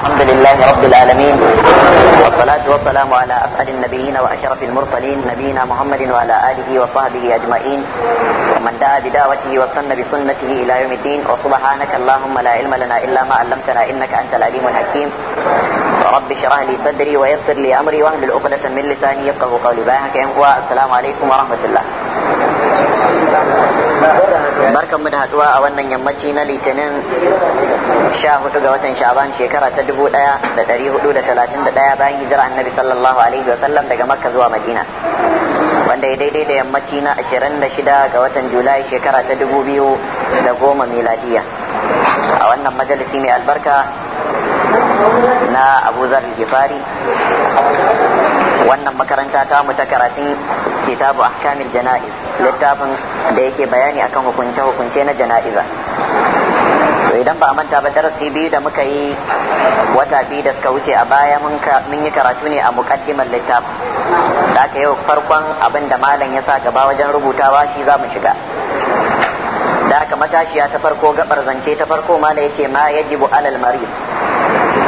الحمد لله رب العالمين والصلاة والسلام على أسعد النبيين وأشرف المرسلين نبينا محمد وعلى آله وصحبه أجمعين ومن دعا بدعوته واستنى بسنته إلى يوم الدين وسبحانك اللهم لا علم لنا إلا ما علمتنا إنك أنت العليم الحكيم رب اشرح لي صدري ويسر لي أمري واهل عقدة من لساني يفقه قولي باهك السلام عليكم ورحمة الله barkanmu da haduwa a wannan yammaci na litinin sha hudu ga watan sha'ban shekara ta dubu daya da dari hudu da talatin da daya bayan hijira annabi sallallahu alaihi wasallam daga makka zuwa madina wanda ya daidai da yammaci na ashirin da shida ga watan julai shekara ta dubu biyu da goma miladiya a wannan majalisi mai albarka na abu zar gifari wannan makaranta ta mu ta karatun kitabu ahkamil jana'iz littafin da yake bayani akan hukunce hukunce na jana'iza to idan ba a manta ba darasi biyu da muka yi wata biyu da suka wuce a baya mun yi karatu ne a mukaddimar littafin da aka yau farkon abin da malam ya sa gaba wajen rubutawa shi za mu shiga da aka matashiya ta farko gabar zance ta farko malam ya ce ma yajibu alal mari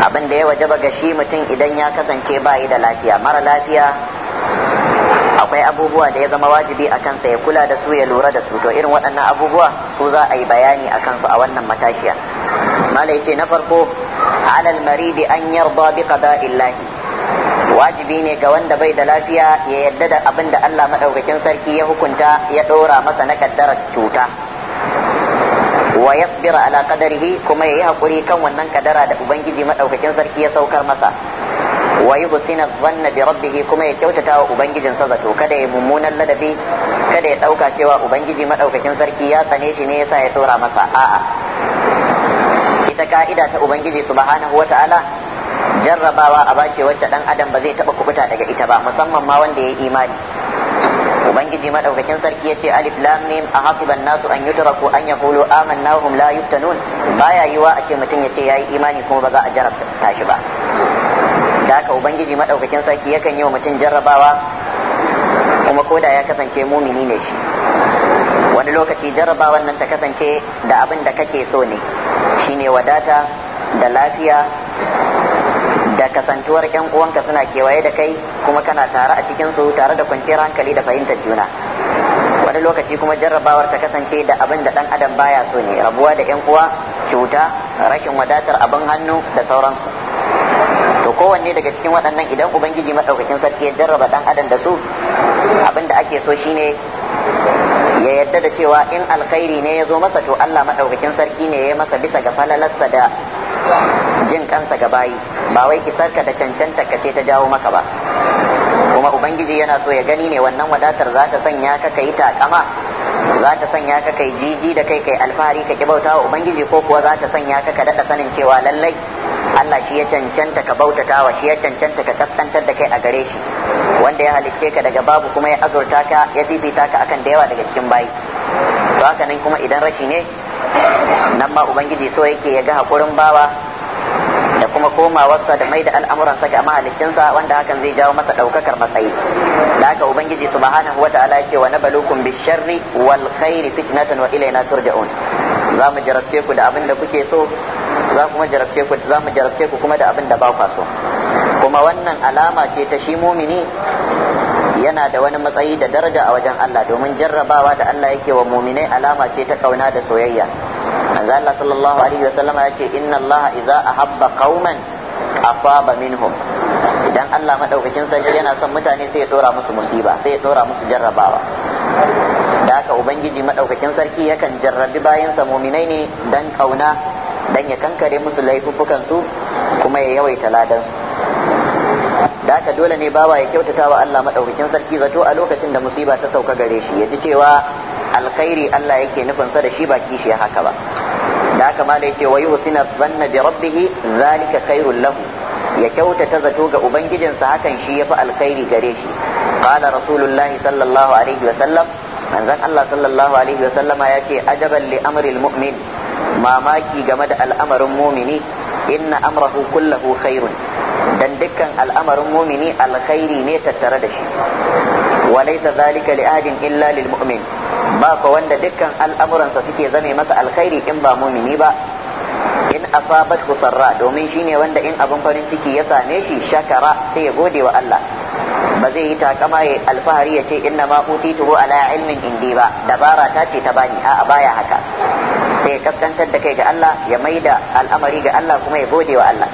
abin da ya wajaba ga shi mutum idan ya kasance bayi da lafiya mara lafiya akwai abubuwa da ya zama wajibi a kansa ya kula da su ya lura da su to irin waɗannan abubuwa su za a yi bayani a kansu a wannan matashiya mala ce na farko alal maridi an yarda bi qada'illahi wajibi ne ga wanda bai da lafiya ya yadda da abin da Allah madaukakin sarki ya hukunta ya ɗora masa na kaddarar cuta wa yasbira ala qadarihi kuma yayi hakuri kan wannan kadara da ubangiji madaukakin sarki ya saukar masa wa yuhsina banna bi rabbih kuma ya kyautata wa ubangijin sa zato kada ya mummunan ladabi kada ya dauka cewa ubangiji madaukakin sarki ya tsane shi ne yasa ya tsora masa a'a ita ka'ida ta ubangiji subhanahu ala jarrabawa a bace wacce dan adam ba zai taba kubuta daga ita ba musamman ma wanda ya yi imani ubangiji madaukakin sarki yace alif lam mim a nasu an yutraku an yaqulu amanna hum la yuftanun baya yiwa a ce mutum yace yayi imani kuma ba za a jarabta shi ba da haka ubangiji madaukakin sarki yakan yi wa mutum jarrabawa kuma koda ya kasance mumini ne shi wani lokaci jarrabawan nan ta kasance da abin da kake so ne shine wadata da lafiya da kasantuwar yan uwanka suna kewaye da kai kuma kana tare a cikin su tare da kwanciyar hankali da fahimtar juna wani lokaci kuma jarrabawar ta kasance da abin da dan adam baya so ne rabuwa da yan uwa cuta rashin wadatar abin hannu da sauransu kowanne daga cikin waɗannan idan ubangiji maɗaukakin sarki ya jarraba ɗan adam da su abin da ake so shine ya yarda da cewa in alkhairi ne ya zo masa to Allah maɗaukakin sarki ne ya masa bisa ga falalarsa da jin kansa ga bayi ba wai kisarka da cancanta ka ce ta jawo maka ba kuma ubangiji yana so ya gani ne wannan wadatar za ta sanya ka kai takama za ta sanya ka kai jiji da kai kai alfahari ka ki bauta wa ubangiji ko kuwa za ta sanya ka ka daɗa sanin cewa lallai Allah shi ya cancanta ka bautatawa shi ya cancanta ka kaskantar da kai a gare shi wanda ya halicce ka daga babu kuma ya azurta ka ya fifita ka akan da yawa daga cikin bayi to haka nan kuma idan rashi ne nan ma ubangiji so yake ya ga hakurin bawa da kuma komawarsa da mai da al'amuran ga mahaliccinsa wanda hakan zai jawo masa ɗaukakar matsayi da haka ubangiji subhanahu wa ta'ala ce wa nabalukum bisharri wal khairi fitnatan wa ilayna turja'un za mu jarabce ku da abin da kuke so za kuma jarabce ku za mu jarabce ku kuma da abin da ba ku so kuma wannan alama ce ta shi mumini yana da wani matsayi da daraja a wajen Allah domin jarrabawa da Allah yake wa muminai alama ce ta kauna da soyayya manzo Allah sallallahu alaihi wasallam ya ce inna Allah idza ahabba qauman afaba minhum idan Allah madaukakin sarki yana son mutane sai ya dora musu musiba sai ya dora musu jarrabawa haka ubangiji madaukakin sarki yakan jarrabi bayansa muminai ne dan kauna dan ya kankare musu laifuffukan kuma ya yawaita ladan su da haka dole ne bawa ya kyautata wa Allah madaukakin sarki zato a lokacin da musiba ta sauka gare shi ya ji cewa alkhairi Allah yake nufin sa da shi ba kishi haka ba da haka ma da yace wa yusina dhanna bi rabbih zalika khairul lahu ya kyautata zato ga ubangijinsa hakan shi yafi alkhairi gare shi qala rasulullahi sallallahu alaihi wa sallam manzon Allah sallallahu alaihi wasallama ya ce ajaban li amril mu'min mamaki game da al'amarin mumini inna amrahu kullahu khairun dan dukkan al'amarin mumini alkhairi ne tattare da shi wa laysa zalika li ahadin illa lil mu'min ba fa wanda dukkan al'amuransa suke zame masa alkhairi in ba mumini ba in asabat sarra domin shine wanda in abin farin ciki ya same shi shakara sai ya gode wa Allah ba zai yi takama ya alfahari ya ce inna ma utituhu ala ilmin indi ba dabara ta ce ta bani a baya haka sai ya kaskantar da kai ga Allah ya maida al'amari ga Allah kuma ya gode wa Allah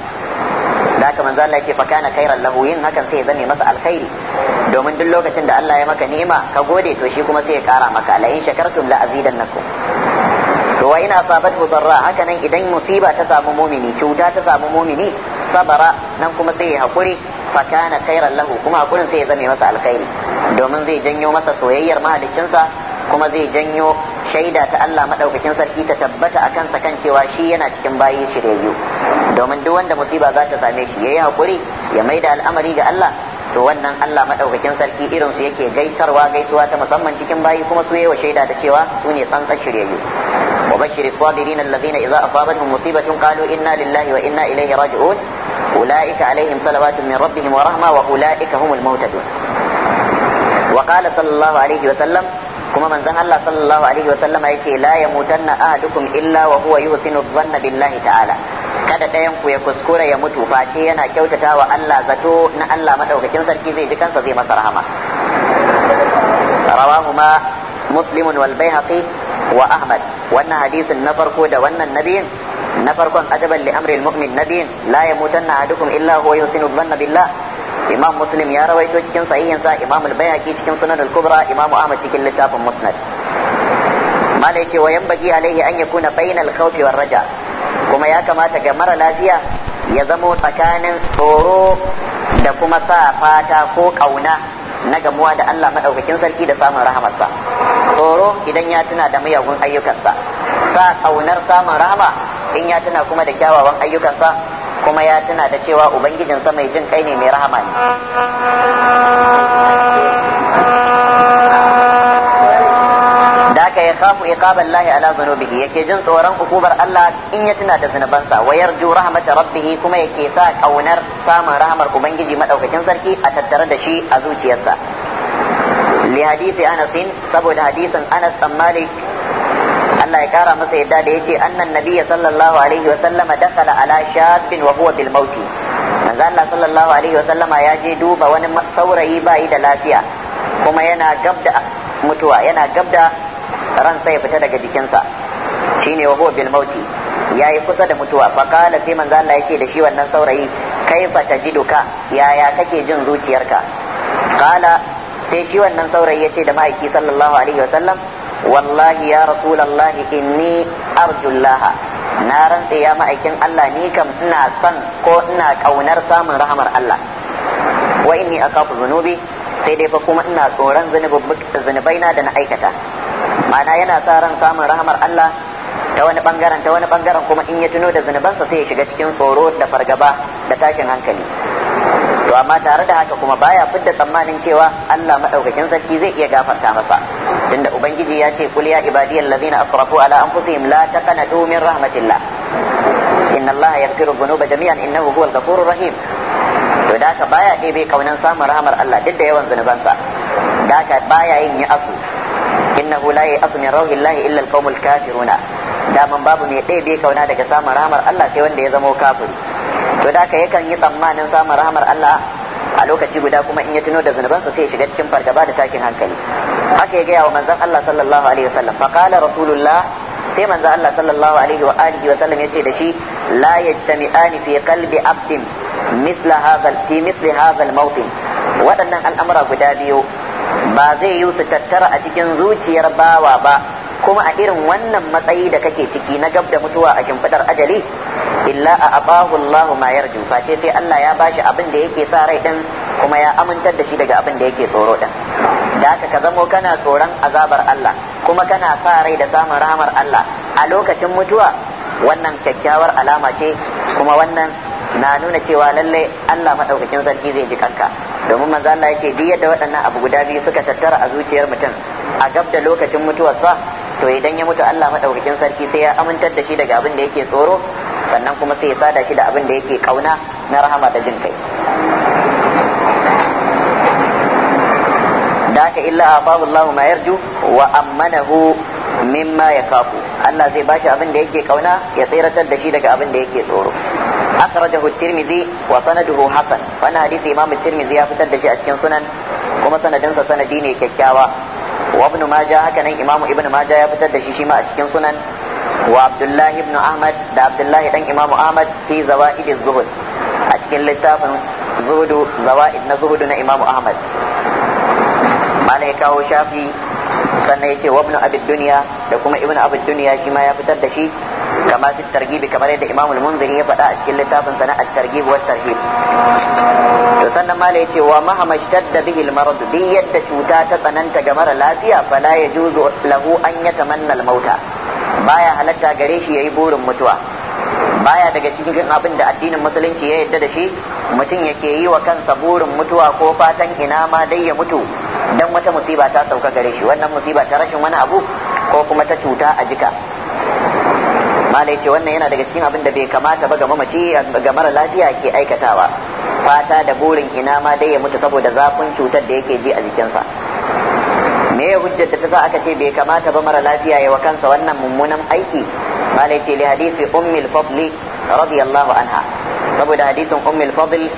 da haka manzo Allah yake fa kana khairan lahu yin hakan sai ya zame masa alkhairi domin duk lokacin da Allah ya maka ni'ima ka gode to shi kuma sai ya kara maka la in shakartum la azidannakum to wa ina sabat darra haka nan idan musiba ta samu mumini cuta ta samu mumini sabara nan kuma sai ya hakuri fa kana khairan lahu kuma hakurin sai ya zame masa alkhairi domin zai janyo masa soyayyar mahaliccinsa kuma zai janyo shaida ta Allah madaukakin sarki ta tabbata akan sa kan cewa shi yana cikin bayi shiryayyu domin duk wanda musiba za ta same shi yayi hakuri ya maida al'amari ga Allah to wannan Allah madaukakin sarki irin su yake gaisarwa gaisuwa ta musamman cikin bayi kuma su wa shaida da cewa su ne tsantsar shiryayyu wa bashir sabirin allazina idza asabathum musibatun qalu inna lillahi wa inna ilaihi raji'un أولئك عليهم صلوات من ربهم ورحمة وأولئك هم المهتدون وقال صلى الله عليه وسلم كما من زهل الله صلى الله عليه وسلم لا يموتن إلا وهو الظن بالله تعالى kada ɗayan ku ya kuskura ya mutu face yana kyautata wa Allah zato na Allah madaukakin sarki zai ji kansa zai masa rahama rawahuma muslimun wal baihaqi wa ahmad wannan hadisin na farko da wannan nabiyin na farkon ajaban li amril mu'min nadin la a ahadukum illa huwa yusinu dhanna billah imam muslim ya rawaito cikin sahihin sa imam al-bayhaqi cikin sunan al-kubra imam ahmad cikin littafin musnad malai ce wa yanbaghi alaihi an yakuna bainal khawfi war raja kuma ya kamata ga mara lafiya ya zamo tsakanin tsoro da kuma sa fata ko kauna na gamuwa da Allah madaukakin sarki da samun rahamarsa tsoro idan ya tuna da miyagun ayyukansa sa kaunar samun rahama in ya tuna kuma da kyawawan ayyukansa kuma ya tuna da cewa ubangijinsa mai jin kai ne mai rahama ne da aka ya khafu iqaban lahi ala zunubihi yake jin tsoron hukumar Allah in ya tuna da zunubansa wa ju rahmata rabbih kuma yake sa kaunar samun rahamar ubangiji madaukakin sarki a tattare da shi a zuciyarsa li hadisi Anas saboda hadisin Anas dan Malik Allah ya kara masa yadda da yace annan nabiyya sallallahu alaihi wa sallama dakhala ala shabbin wa huwa bil mauti manzo Allah sallallahu alaihi wa sallama ya je duba wani saurayi bai da lafiya kuma yana gab da mutuwa yana gab da ransa ya fita daga jikinsa shine wa huwa bil mauti yayi kusa da mutuwa fa qala sai manzo Allah yace da shi wannan saurayi kaifa tajiduka yaya kake jin zuciyarka qala sai shi wannan saurayi yace da ma'aiki sallallahu alaihi wa sallam wallahi ya rasulallahi inni arjullaha na rantse ya ma'aikin Allah ni kam ina son ko ina kaunar samun rahamar Allah wa inni akafu zunubi sai dai fa kuma ina tsoron zunubai na da na aikata ma'ana yana sa ran samun rahamar Allah ta wani bangaren ta wani bangaren kuma in ya tuno da zunubansa sai ya shiga cikin tsoro da fargaba da tashin hankali to amma tare da haka kuma baya fidda tsammanin cewa Allah madaukakin sarki zai iya gafarta masa tunda ubangiji ya ce kul ya ibadiyal ladina asrafu ala anfusihim la taqnatu min rahmatillah inna Allah yaghfiru dhunuba jami'an innahu huwal ghafurur rahim to da ka baya ɗebe kaunan samun rahmar Allah duk da yawan zunubansa da ka baya yin ya asu innahu la ya'asu min rauhillahi illa alqaumul kafiruna daman babu mai ɗaya bai kauna daga samun ramar Allah sai wanda ya zamo kafiri to da yakan yi tsammanin samun rahamar Allah a lokaci guda kuma in ya tuno da zunubansa sai ya shiga cikin fargaba da tashin hankali haka ya gaya wa manzon Allah sallallahu alaihi wasallam fa qala rasulullah sai manzon Allah sallallahu alaihi wa alihi wasallam yace da shi la yajtami'ani fi qalbi abdin mithla hadha fi mithli hadha al-mawtin waɗannan al'amura guda biyu ba zai yi su tattara a cikin zuciyar bawa ba kuma a irin wannan matsayi da kake ciki na gab da mutuwa a shimfidar ajali illa a abahu Allah ma yarju fa sai Allah ya bashi abin da yake sa rai din kuma ya amintar da shi daga abin da yake tsoro din da haka ka zamo kana tsoron azabar Allah kuma kana sa rai da samun rahamar Allah a lokacin mutuwa wannan kyakkyawar alama ce kuma wannan na nuna cewa lallai Allah madaukakin sarki zai ji kanka domin manzo Allah ya duk yadda waɗannan abu guda biyu suka tattara a zuciyar mutum a gab da lokacin mutuwarsa to idan ya mutu Allah madaukakin sarki sai ya amintar da shi daga abin da yake tsoro sannan kuma sai ya sada shi da abin da yake kauna na rahama da jin kai da illa afahu Allah ma yarju wa ammanahu mimma yakafu Allah zai ba shi abin da yake kauna ya tsiratar da shi daga abin da yake tsoro wa أخرجه الترمذي وسنده tirmizi ya fitar da shi a cikin sunan kuma sanadinsa sanadi ne kyakkyawa. Wabnu Maja majah haka nan imamu ibn Maja ya fitar da shi shi ma a cikin sunan wa abdullah ibn ahmad da Abdullahi dan imamu ahmad fi zawaid az-zuhd a cikin littafin zuhudu zawaid na zuhudu na imamu ahmad mala ya kawo shafi sannan ya ce wa ibn abid da kuma ibn abid dunya shi ya fitar da shi kama fi targhib kamar yadda Imam al-Munziri ya faɗa a cikin littafin sa na at-targhib wa tarhib to sannan malai yace wa mahama bihi al-marad bi yadda cuta ta tsananta ga mara lafiya fala yajuzu lahu an yatamanna al-mauta baya halatta gare shi yayi burin mutuwa baya daga cikin abin da addinin musulunci ya yadda da shi mutum yake yi wa kansa burin mutuwa ko fatan ina ma dai ya mutu dan wata musiba ta sauka gare shi wannan musiba ta rashin wani abu ko kuma ta cuta a jika mala yace wannan yana daga cikin abin da bai kamata ba ga mamaci ga mara lafiya ke aikatawa fata da burin ina ma dai ya mutu saboda zafin cutar da yake ji a jikinsa me ya hujjar da ta sa aka ce bai kamata ba mara lafiya ya wa kansa wannan mummunan aiki mala yace li hadisi ummul fadli radiyallahu anha saboda hadisin ummul fadl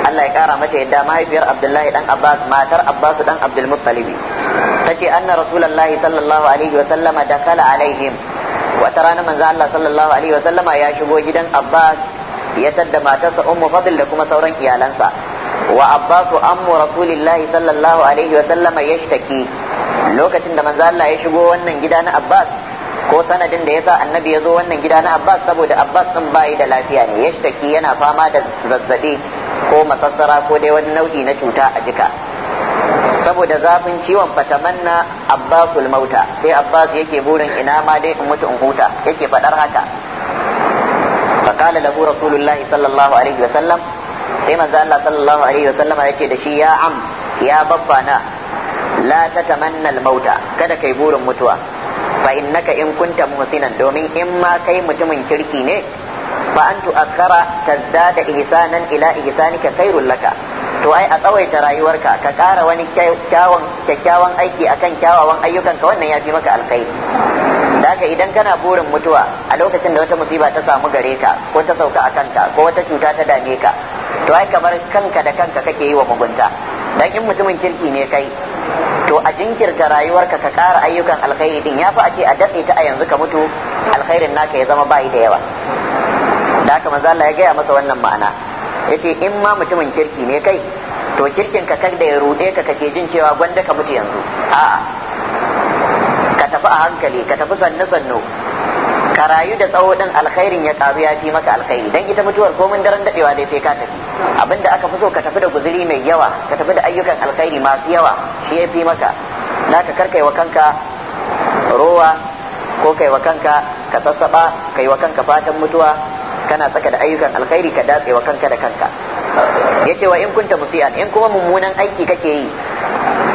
Allah ya kara mata yadda mahaifiyar Abdullahi dan Abbas matar Abbas dan Abdul Muttalib tace anna Rasulullahi sallallahu alaihi wa sallama dakala alaihim wata rana manzo Allah sallallahu alaihi wasallama ya shigo gidan Abbas ya tadda matarsa Ummu Fadl da kuma sauran iyalansa wa Abbasu ammu Rasulillahi sallallahu alaihi wasallama yashtaki lokacin da manzo Allah ya shigo wannan gida na Abbas ko sanadin da yasa annabi ya zo wannan gida na Abbas saboda Abbas din bai da lafiya ne yashtaki yana fama da zazzabi ko masassara ko dai wani nau'i na cuta a jika saboda zafin ciwon fatamanna abbasul mauta sai abbas yake burin ina ma dai in mutu in huta yake fadar haka faqala lahu rasulullahi sallallahu alaihi wasallam sai manzo Allah sallallahu alaihi wasallam yace da shi ya am ya babba na la tatamanna al mauta kada kai burin mutuwa fa innaka in kunta muhsinan domin in ma kai mutumin kirki ne fa an tu'akkara tazdada ihsanan ila ihsanika khairul laka to ai a tsawaita rayuwarka ka ƙara wani kyawawan kyakkyawan aiki akan kyawawan ka wannan ya fi maka alkhairi da haka idan kana burin mutuwa a lokacin da wata musiba ta samu gare ka ko ta sauka a kanka ko wata cuta ta dame ka to ai kamar kanka da kanka kake yi wa mugunta dan in mutumin kirki ne kai to a jinkirta rayuwarka ka ƙara ayyukan alkhairi din ya fi a ce a datse ta a yanzu ka mutu alkhairin naka ya zama bayi da yawa da haka manzo Allah ya gaya masa wannan ma'ana ya ce in ma mutumin kirki ne kai to kirkin ka kada ya rude ka kake jin cewa gwanda ka mutu yanzu a'a ka tafi a hankali ka tafi sannu sannu ka rayu da tsawo din alkhairin ya karu ya fi maka alkhairi dan ita mutuwar komin daren daɗewa dai sai ka tafi abinda aka fi so ka tafi da guzuri mai yawa ka tafi da ayyukan alkhairi masu yawa shi ya fi maka naka karkai wa kanka rowa ko kai wa kanka ka sassaba kai wa kanka fatan mutuwa kana saka da ayyukan alkhairi ka datse wa kanka da kanka yace wa in kunta musiyan in kuma mummunan aiki kake yi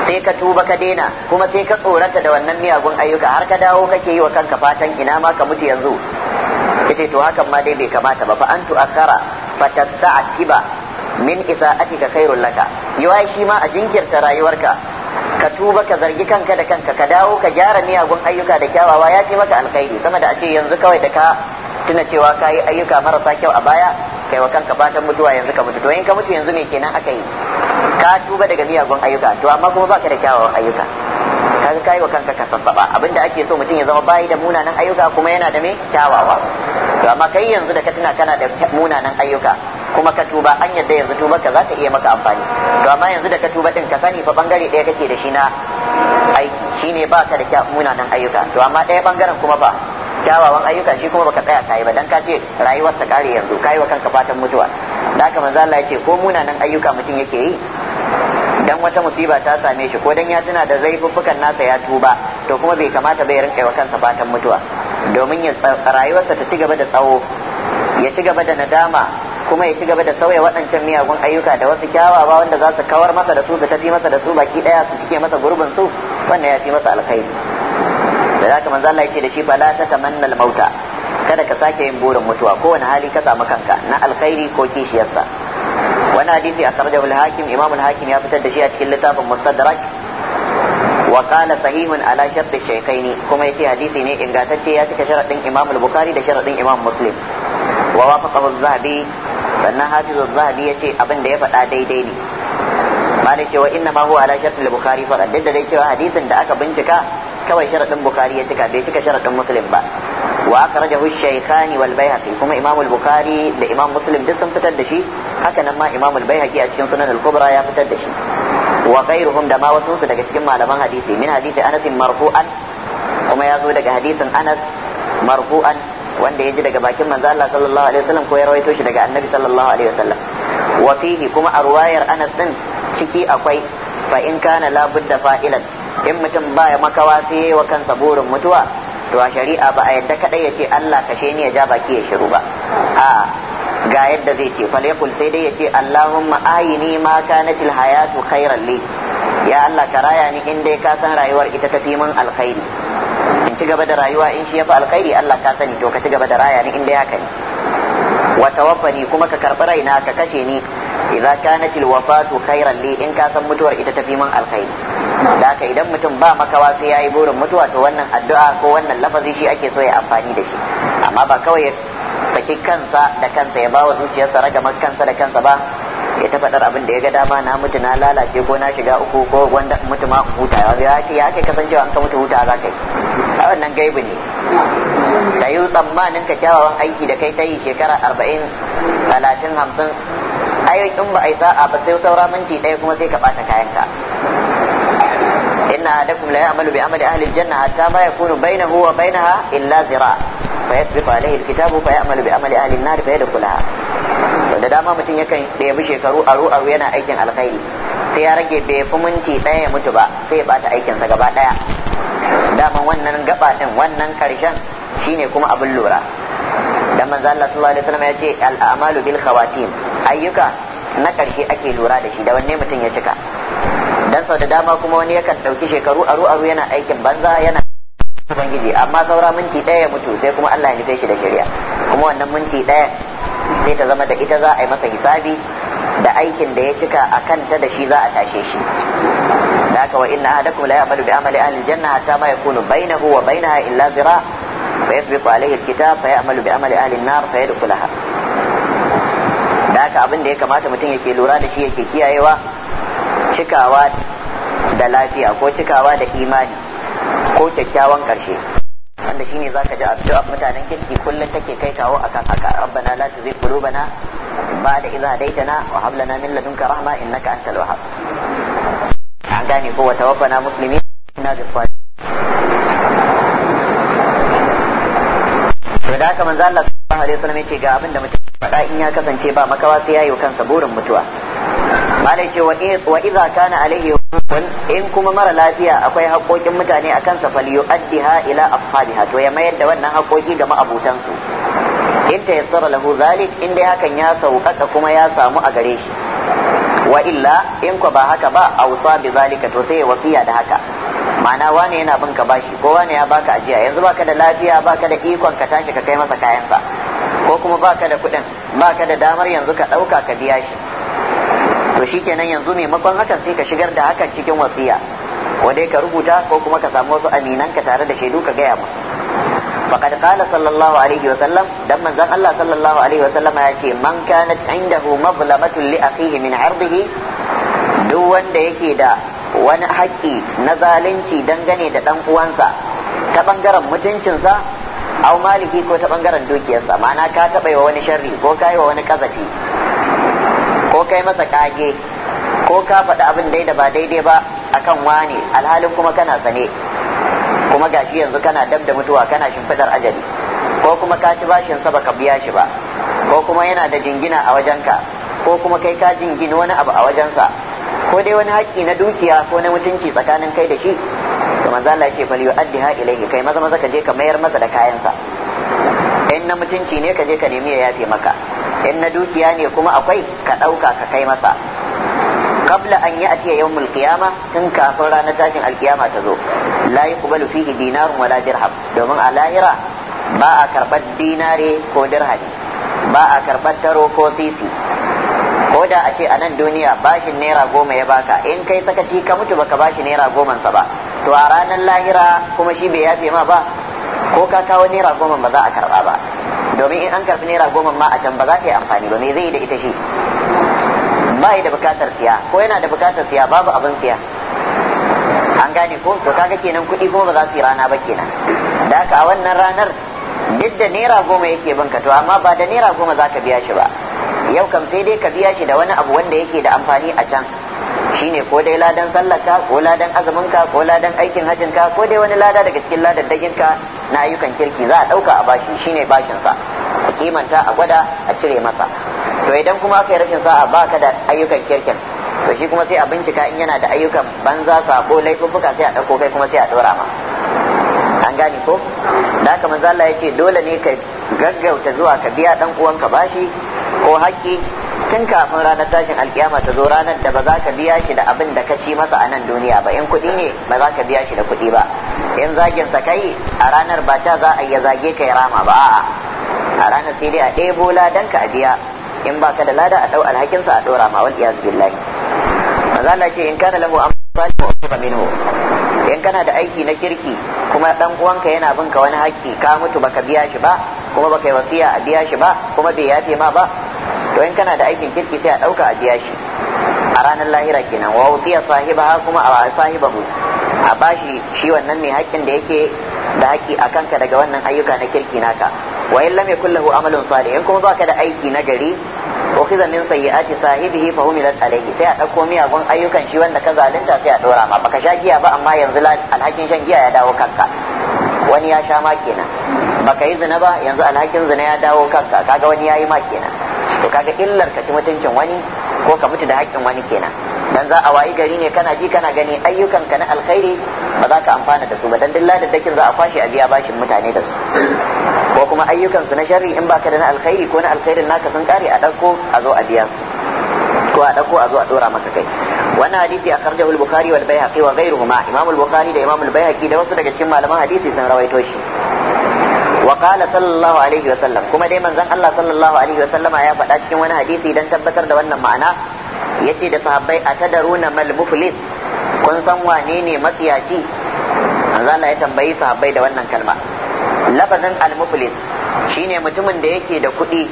sai ka tuba ka daina kuma sai ka tsorata da wannan miyagun ayyuka har ka dawo kake yi wa kanka fatan ina ma ka mutu yanzu yace to hakan ma dai bai kamata ba fa an akara fa tasta'tiba min ka khairul laka yawa shi ma a jinkirta rayuwarka ka tuba ka zargi kanka da kanka ka dawo ka gyara miyagun ayyuka da kyawawa ya ce maka alkhairi sama da a ce yanzu kawai da ka tuna cewa ka yi ayyuka marasa kyau a baya kai wa kanka fatan mutuwa yanzu ka mutu to in ka mutu yanzu me kenan aka yi ka tuba daga miyagun ayyuka to amma kuma baka da kyawawan ayyuka ga kai wa kanka ka sassaba abinda ake so mutum ya zama bayi da munanan ayyuka kuma yana da me kyawawa to amma kai yanzu da ka tuna kana da munanan ayyuka kuma ka tuba an yadda yanzu tuba ka za ta iya maka amfani to amma yanzu da ka tuba din ka sani fa bangare ɗaya kake da shi na aiki shine ba ka da munanan ayyuka to amma ɗaya bangaren kuma ba kyawawan ayyuka shi kuma baka tsaya kai ba dan ka ce rayuwar ta kare yanzu kai wa kanka fatan mutuwa da haka manzo Allah yace ko munanan ayyuka mutum yake yi dan wata musiba ta same shi ko dan ya tuna da zaifuffukan nasa ya tuba to kuma bai kamata bai rinka wa kansa fatan mutuwa domin ya rayuwarsa ta ci gaba da tsawo ya ci gaba da nadama kuma ya ci gaba da sauya waɗancan miyagun ayyuka da wasu kyawawa wanda za su kawar masa da su su tafi masa da su baki ɗaya su cike masa gurbin su wannan ya fi masa alkhairi da haka manzo Allah yake da shi fala tatamannal mauta kada ka sake yin burin mutuwa kowane hali ka samu kanka na alkhairi ko kishiyarsa wani hadisi a sarjahu hakim imam hakim ya fitar da shi a cikin littafin mustadrak wa qala sahihun ala shart shaykhaini kuma yace hadisi ne ingantacce ya cika sharadin imam al-bukhari da sharadin imam muslim wa wafaqahu az-zahabi sannan hafiz az-zahabi yace abin da ya faɗa daidai ne malai cewa inna ma huwa ala shart al-bukhari faqad da dai cewa hadisin da aka bincika kawai sharaɗin bukhari ya cika bai cika sharaɗin muslim ba wa akhrajahu shaykhani wal baihaqi kuma imam al bukhari da imam muslim duk sun fitar da shi haka nan ma imam al baihaqi a cikin sunan al kubra ya fitar da shi wa ghayruhum da ma wasu su daga cikin malaman hadisi min hadisi anas marfu'an kuma ya zo daga hadisin anas marfu'an wanda ya ji daga bakin manzo Allah sallallahu alaihi wasallam ko ya rawaito shi daga annabi sallallahu alaihi wasallam wa fihi kuma arwayar anas din ciki akwai fa in kana labudda fa'ilan in mutum baya makawa sai wa kansa burin mutuwa to a shari'a ba a yadda kadai ya ce Allah kashe ni ya ja baki ya shiru ba a ga yadda zai ce falyakul sai dai ya ce Allahumma ayini ma kanatil hayatu khairan li ya Allah ka raya ni in dai ka san rayuwar ita tafi min alkhairi in ci gaba da rayuwa in shi ya fi alkhairi Allah ka sani to ka ci gaba da raya ni in dai haka ne wa tawaffani kuma ka karbi raina ka kashe ni idza kanatil wafatu khairan li in ka san mutuwar ita tafi min alkhairi da haka idan mutum ba makawa sai ya yi burin mutuwa to wannan addu'a ko wannan lafazi shi ake so ya amfani da shi amma ba kawai ya saki kansa da kansa ya bawa zuciyarsa ragamar kansa da kansa ba ya ta faɗar abin da ya ga dama na mutu na lalace ko na shiga uku ko wanda mutu ma huta ya ake ya ake kasancewa an ka mutu huta za ka yi a wannan gaibu ne ka yi tsammanin ka kyawawan aiki da kai ta yi shekara arba'in talatin hamsin ai in ba a yi sa'a ba sai saura minti ɗaya kuma sai ka ɓata ka. إن أحدكم لا يعمل بعمل أهل الجنة حتى ما يكون بينه وبينها إلا ذراع فيسبق عليه الكتاب فيعمل بعمل أهل النار فيدخلها da dama mutum yakan ɗebi shekaru aru aru yana aikin alkhairi sai ya rage bai fi minti ɗaya ya mutu ba sai ya bata aikinsa gaba ɗaya dama wannan gaba ɗin wannan karshen shine kuma abin lura da manzo Allah sallallahu alaihi wasallam ya ce al-amalu bil khawatim ayyuka na karshe ake lura da shi da wanne mutum ya cika dan sau da dama kuma wani yakan ɗauki shekaru aru aru yana aikin banza yana ubangiji amma saura minti ɗaya ya mutu sai kuma Allah ya nufe shi da shari'a kuma wannan minti ɗaya sai ta zama da ita za a yi masa hisabi da aikin da ya cika a kanta da shi za a tashe shi da haka wa inna ahadakum la ya'malu bi amali ahli janna hatta ma yakunu bainahu wa bainaha illa zira fa yasbiqu alayhi alkitab fa ya'malu bi amali ahli an-nar fa yadkhulaha da haka abin da ya kamata mutum yake lura da shi yake kiyayewa cikawa da lafiya ko cikawa da imani ko kyakkyawan ƙarshe wanda za ka ji abdu'a mutanen kirki kullum take kai kawo akan haka rabbana la tuzigh qulubana ba'da idh hadaytana wa hab lana min ladunka rahma innaka antal wahhab an gane ko wa tawaffana muslimin inna bis to da haka manzo Allah sallallahu alaihi wasallam yace ga abin da mutum faɗa in ya kasance ba makawa sai yayi kansa burin mutuwa malai ce wa iza kana alaihi in kuma mara lafiya akwai haƙoƙin mutane a kansa fal yu'addiha ila ashabiha to ya mayar da wannan haƙoƙi ga ma'abutan in ta yassara lahu zalik in dai hakan ya sauƙaƙa kuma ya samu a gare shi wa illa in ko ba haka ba a wusa bi zalika to sai wasiya da haka ma'ana wane yana bin ka bashi ko wane ya baka ajiya yanzu baka da lafiya baka da ikon ka tashi ka kai masa kayansa ko kuma baka da kuɗin baka da damar yanzu ka ɗauka ka biya shi to kenan yanzu maimakon hakan sai ka shigar da hakan cikin wasiya wanda ka rubuta ko kuma ka samu wasu aminan ka tare da shaidu ka gaya musu faqad qala sallallahu alaihi wa sallam dan manzon Allah sallallahu alaihi wa sallama yace man kanat indahu mazlamatun li akhihi min ardihi duk wanda yake da wani haƙƙi na zalunci dangane da dan uwansa ta bangaren mutuncinsa au maliki ko ta bangaren dukiyarsa ma'ana ka taɓa wa wani sharri ko ka yi wa wani kazafi ko kai masa kage ko ka faɗi abin dai da ba daidai ba akan wane alhalin kuma kana sane kuma gashi yanzu kana dab da mutuwa kana shimfidar ajali ko kuma ka ci bashin sa baka biya shi ba ko kuma yana da jingina a wajenka ko kuma kai ka jingini wani abu a wajensa ko dai wani haƙƙi na dukiya ko na mutunci tsakanin kai da shi to manzo Allah ce yu'addi ha ilayhi kai maza maza ka je ka mayar masa da kayansa in na mutunci ne ka je ka nemi ya yafe maka in na dukiya ne kuma akwai ka ɗauka ka kai masa kabla an yi atiya yawmul mulkiyama tun kafin ranar tashin alkiyama ta zo la yuqbalu fihi dinarun wala dirham domin a lahira ba a karɓar dinare ko dirhami ba a karɓar taro ko sisi ko da a ce a nan duniya bashin naira goma ya baka in kai sakaci ka mutu baka bashi naira gomansa ba to a ranar lahira kuma shi bai yafe ma ba ko ka kawo naira goma ba za a karɓa ba domin in an karfi naira goma ma a can ba za ta yi amfani ba me zai yi da ita shi ba da bukatar siya ko yana da bukatar siya babu abin siya an gane ko to kaga kenan kuɗi kuma ba za su yi rana ba kenan da haka a wannan ranar duk da naira goma yake banka to amma ba da naira goma za ka biya shi ba yau kam sai dai ka biya shi da wani abu wanda yake da amfani a can shine ko dai ladan sallarka ko ladan azuminka ko ladan aikin hajjinka ko dai wani lada daga cikin ladaddaginka na ayyukan kirki za a ɗauka a bashi shine bashinsa a kimanta a gwada a cire masa to idan kuma aka yi rashin sa'a ba ka da ayyukan kirkin to shi kuma sai a bincika in yana da ayyukan banza sako laifuffuka sai a ɗauko kai kuma sai a ɗora ma an gane ko da haka manzo Allah ya ce dole ne ka gaggauta zuwa ka biya dan uwanka bashi ko haƙƙi tun kafin ranar tashin alkiyama ta zo ranar da ba za ka biya shi da abin da ka ci masa a nan duniya ba in kuɗi ne ba za ka biya shi da kuɗi ba in zagin sa kai a ranar ba ta za a iya zage kai rama ba a'a a ranar sai dai a ɗebo ladan ka a biya in ba ka da lada a ɗau alhakin sa a ɗora ma wani yanzu billahi mazala ce in kana lamu amma salihu ukhra minhu in kana da aiki na kirki kuma ɗan uwanka yana binka wani haƙƙi ka mutu baka biya shi ba kuma baka yi wasiya a biya shi ba kuma bai yafe ma ba to in kana da aikin kirki sai a ɗauka a biya shi a ranar lahira kenan wa sahiba ha kuma a mu a bashi shi wannan mai hakkin da yake da haƙƙi a kanka daga wannan ayyuka na kirki naka wa in lam yakul lahu amalun salih in kuma baka da aiki na gari ukhiza min sayyiati sahibihi fa humilat alayhi sai a ɗauko miyagun ayyukan shi wanda ka zalunta sai a dora ma baka sha giya ba amma yanzu alhakin shan giya ya dawo kanka wani ya sha ma kenan baka yi zina ba yanzu alhakin zina ya dawo kanka kaga wani yayi ma kenan to kaga illar ka ci mutuncin wani ko ka mutu da haƙƙin wani kenan dan za a wayi gari ne kana ji kana gani ayyukan ka na alkhairi ba za ka amfana da su ba dan dilla da dakin za a kwashe a biya bashin mutane da su ko kuma ayyukan su na sharri in baka da na alkhairi ko na alkhairin naka sun kare a dauko a zo a biya su ko a dauko a zo a dora maka kai wannan hadisi a karjahu al-bukhari wal bayhaqi wa ghayruhuma imam al-bukhari da imam al-bayhaqi da wasu daga cikin malaman hadisi sun rawaito shi wa qala sallallahu alaihi wa sallam kuma dai manzon Allah sallallahu alaihi wa sallama ya faɗa cikin wani hadisi dan tabbatar da wannan ma'ana yace da sahabbai atadaruna mal muflis kun san wane ne matsiyaci manzon Allah ya tambayi sahabbai da wannan kalma lafazin al muflis shine mutumin da yake da kuɗi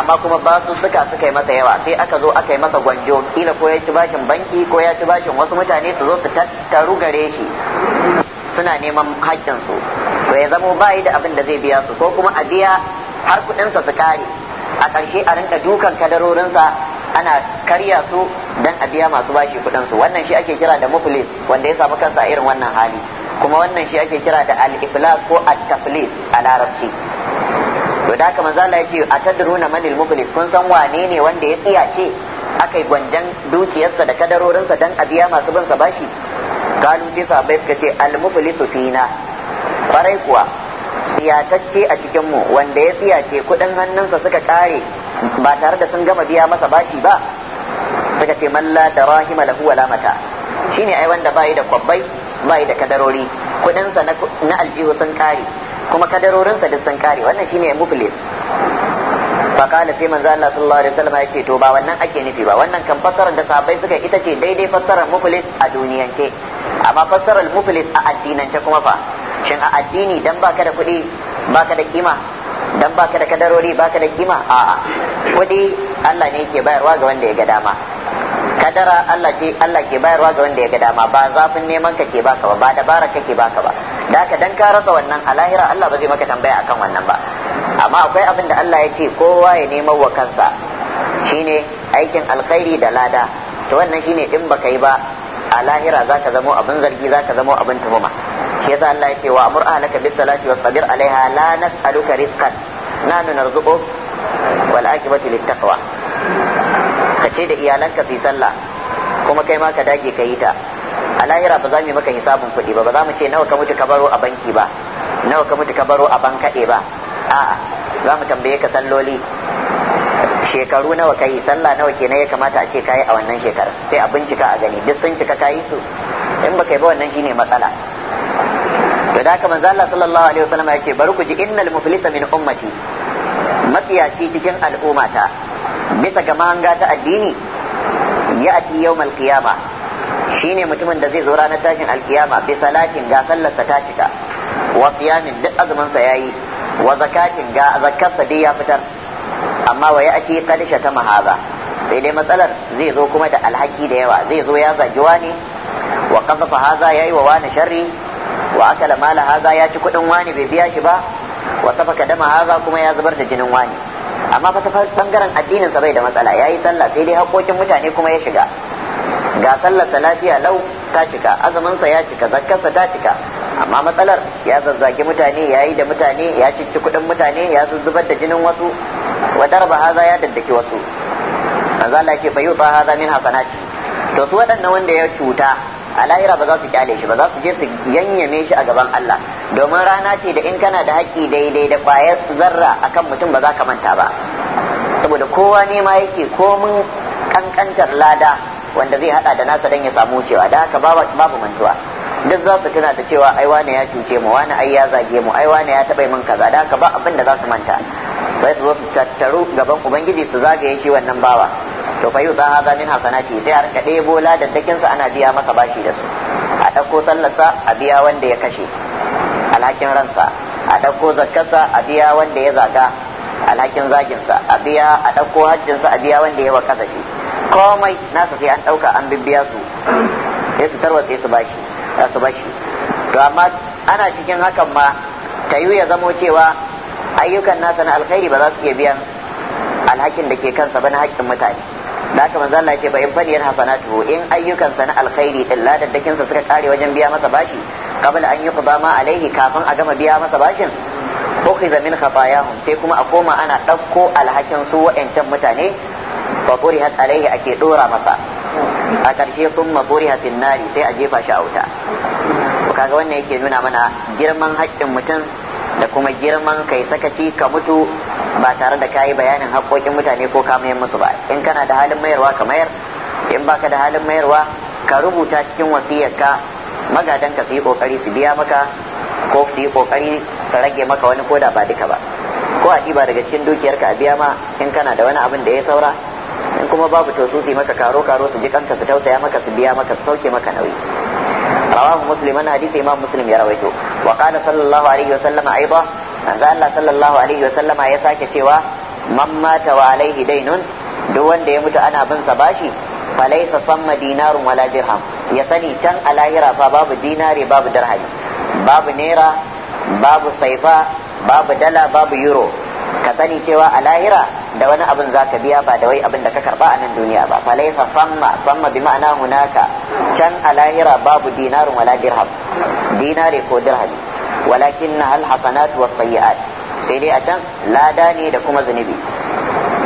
amma kuma ba su suka suka yi masa yawa sai aka zo aka yi masa gwanjo kila ko ya ci bashin banki ko ya ci bashin wasu mutane su zo su tattaru gare shi suna neman haƙƙinsu to ya zamo bayi da abin da zai biya su ko kuma a biya har kuɗinsa su kare a ƙarshe a rinka dukan kadarorinsa ana karya su dan a biya masu bashi kuɗinsu wannan shi ake kira da muflis wanda ya samu kansa a irin wannan hali kuma wannan shi ake kira da al-iflas ko at-taflis a larabci to da kamar manzo ya ce manil muflis kun san wane ne wanda ya tsiyace aka yi gwanjan dukiyarsa da kadarorinsa don a biya masu bin sa bashi kalu sai sahabbai suka ce al-muflisu fina Barai kuwa siyatacce a cikinmu wanda ya siyace kuɗin hannunsa suka kare ba tare da sun gama biya masa bashi ba suka ce malla da rahima lahu wala mata shine ai wanda bai da kwabbai bai da kadarori kuɗinsa na aljihu sun kare kuma kadarorinsa duk sun kare wannan shine muflis fakala sai manzo Allah sallallahu alaihi wasallam ya ce to ba wannan ake nufi ba wannan kan fassarar da sahabbai suka ita ce daidai fassarar muflis a duniyance amma fassarar muflis a addinance kuma fa shin a addini dan baka da kuɗi baka da kima dan baka da kadarori baka da kima a kuɗi Allah ne yake bayarwa ga wanda ya ga dama kadara Allah ce Allah ke bayarwa ga wanda ya ga dama ba zafin neman ka ke baka ba ba dabara kake baka ba da haka dan ka rasa wannan a lahira Allah ba zai maka tambaya akan wannan ba amma akwai abin da Allah ya ce kowa ya neman wa kansa shine aikin alkhairi da lada to wannan shine din baka yi ba a lahira za ka zamo abin zargi za ka zamo abin tuhuma shi yasa Allah ya ce wa amur ahlaka bis salati sabir alaiha la nas'aluka rizqan nuna narzuqu wal akibatu lit taqwa ka ce da iyalanka su sallah kuma kai ma ka dage ka yi ta a lahira ba za mu yi maka hisabin kuɗi ba ba za mu ce nawa ka mutu ka baro a banki ba nawa ka mutu ka baro a bankaɗe ba a'a za mu tambaye ka salloli shekaru nawa kai sallah nawa kenan ya kamata a ce kai a wannan shekara sai a bincika a gani duk sun cika kai su in baka yi ba wannan shine matsala to da haka manzo Allah sallallahu alaihi wasallam ya ce bari ku ji innal muflisa min ummati matsiyaci cikin al'ummata bisa ga mahanga ta addini ya ati yawmal qiyama shine mutumin da zai zo ranar tashin alkiyama bi salatin ga sallarsa ta cika wa qiyamin duk azumin sa yayi wa zakatin ga zakkarsa dai ya fitar amma wa ake qad ta mahaza sai dai matsalar zai zo kuma da alhaki da yawa zai zo ya zagi wani wa haza ya yi wa wani sharri wa akala mala haza ya ci kudin wani bai biya shi ba wa safaka dama hadha kuma ya zubar da jinin wani amma fa ta bangaren addinin sa bai da matsala yayi sallah sai dai hakokin mutane kuma ya shiga ga sallar lafiya lau ta cika sa ya cika zakkarsa ta cika amma matsalar ya zazzage mutane ya yi da mutane ya cici kuɗin mutane ya zuzzubar da jinin wasu wa darba haza ya daddaki wasu manzo Allah yake ba haza min hasanati to su waɗannan wanda ya cuta a lahira ba za su kyale shi ba za su je su yanyame shi a gaban Allah domin rana ce da in kana da haƙƙi daidai da ƙwayar zarra akan mutum ba za ka manta ba saboda kowa ne ma yake komin kankantar lada wanda zai hada da nasa dan ya samu cewa da haka babu mantuwa duk za su tuna da cewa ai wane ya cuce mu wane ai ya zage mu ai wane ya taba min kaza da haka ba abin da za su manta sai su zo su tattaru gaban ubangiji su zagaye shi wannan bawa to fa yuza hadha min hasanati sai kade bola da dakin sa ana biya masa bashi da su a ɗauko sallarsa a biya wanda ya kashe alhakin ransa a ɗauko zakkarsa a biya wanda ya zaga alhakin zaginsa a biya a ɗauko hajjinsa a biya wanda ya wakaza shi. komai na sai an ɗauka an bibbiya su sai su tarwatse su bashi su bashi to amma ana cikin hakan ma ta ya zamo cewa ayyukan nasa na alkhairi ba za su iya biyan alhakin da ke kansa ba na haƙƙin mutane da haka manzo Allah ce ba in fadiyar hasanatu in ayyukansa na alkhairi din ladaddakin sa suka kare wajen biya masa bashi qabla an yuqda ma alaihi kafin a gama biya masa bashin ukhiza min khatayahum sai kuma a koma ana ɗauko alhakin su wa'ancan mutane fa burihat alaihi ake dora masa a ƙarshe sun maburiha fin nari sai a jefa shi a wuta kaga wannan yake nuna mana girman haƙƙin mutum da kuma girman kai sakaci ka mutu ba tare da kayi bayanin haƙƙoƙin mutane ko ka mayar musu ba in kana da halin mayarwa ka mayar in baka da halin mayarwa ka rubuta cikin wasiyarka magadanka su yi kokari su biya maka ko su yi kokari su rage maka wani koda ba duka ba ko a ɗiba daga cikin dukiyarka a biya ma in kana da wani abin da ya saura in kuma babu to maka karo karo su ji kanka su tausaya maka su biya maka su sauke maka nauyi rawahu muslim an hadisi imam muslim ya rawaito wa qala sallallahu alaihi wa sallama aidan manzo Allah sallallahu alaihi wa sallama ya sake cewa man mata wa alaihi dainun duk wanda ya mutu ana bin sa bashi laysa san dinarun wala dirham ya sani can a lahira fa babu dinari babu dirhami babu naira babu saifa babu dala babu euro ka sani cewa a lahira da wani abin za ka biya ba da wai abin da ka karba a nan duniya ba fa famma famma bi ma'ana hunaka can a lahira babu dinarin wala dirham dinare ko dirham walakin na hal hasanat wa sayyi'at sai dai a can lada ne da kuma zunubi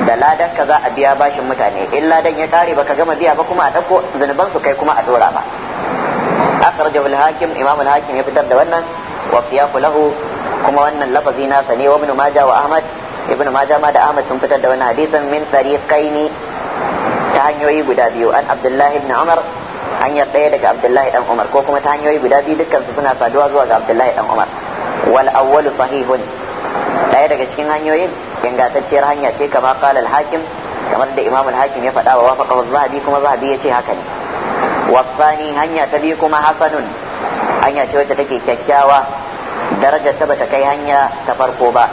da ladan ka za a biya bashin mutane in ladan ya kare baka gama biya ba kuma a dauko zunuban su kai kuma a dora ba akhrajahu al-hakim imam hakim ya fitar da wannan wa siyafu lahu kuma wannan lafazi nasa ne wa ibn majah wa ahmad ibn majah ma da ahmad sun fitar da wani hadisin min tariqaini ta hanyoyi guda biyu an abdullahi ibn umar hanyar ɗaya daga abdullahi dan umar ko kuma ta hanyoyi guda biyu dukkan su suna saduwa zuwa ga abdullahi dan umar wal awwalu sahihun ɗaya daga cikin hanyoyin ingantacciyar hanya ce kama qala al hakim kamar da imam al hakim ya faɗa wa wafaqa zahabi kuma zahabi ya ce haka ne wasani hanya ta biyu kuma hasanun hanya ce wacce take kyakkyawa darajar ta bata kai hanya ta farko ba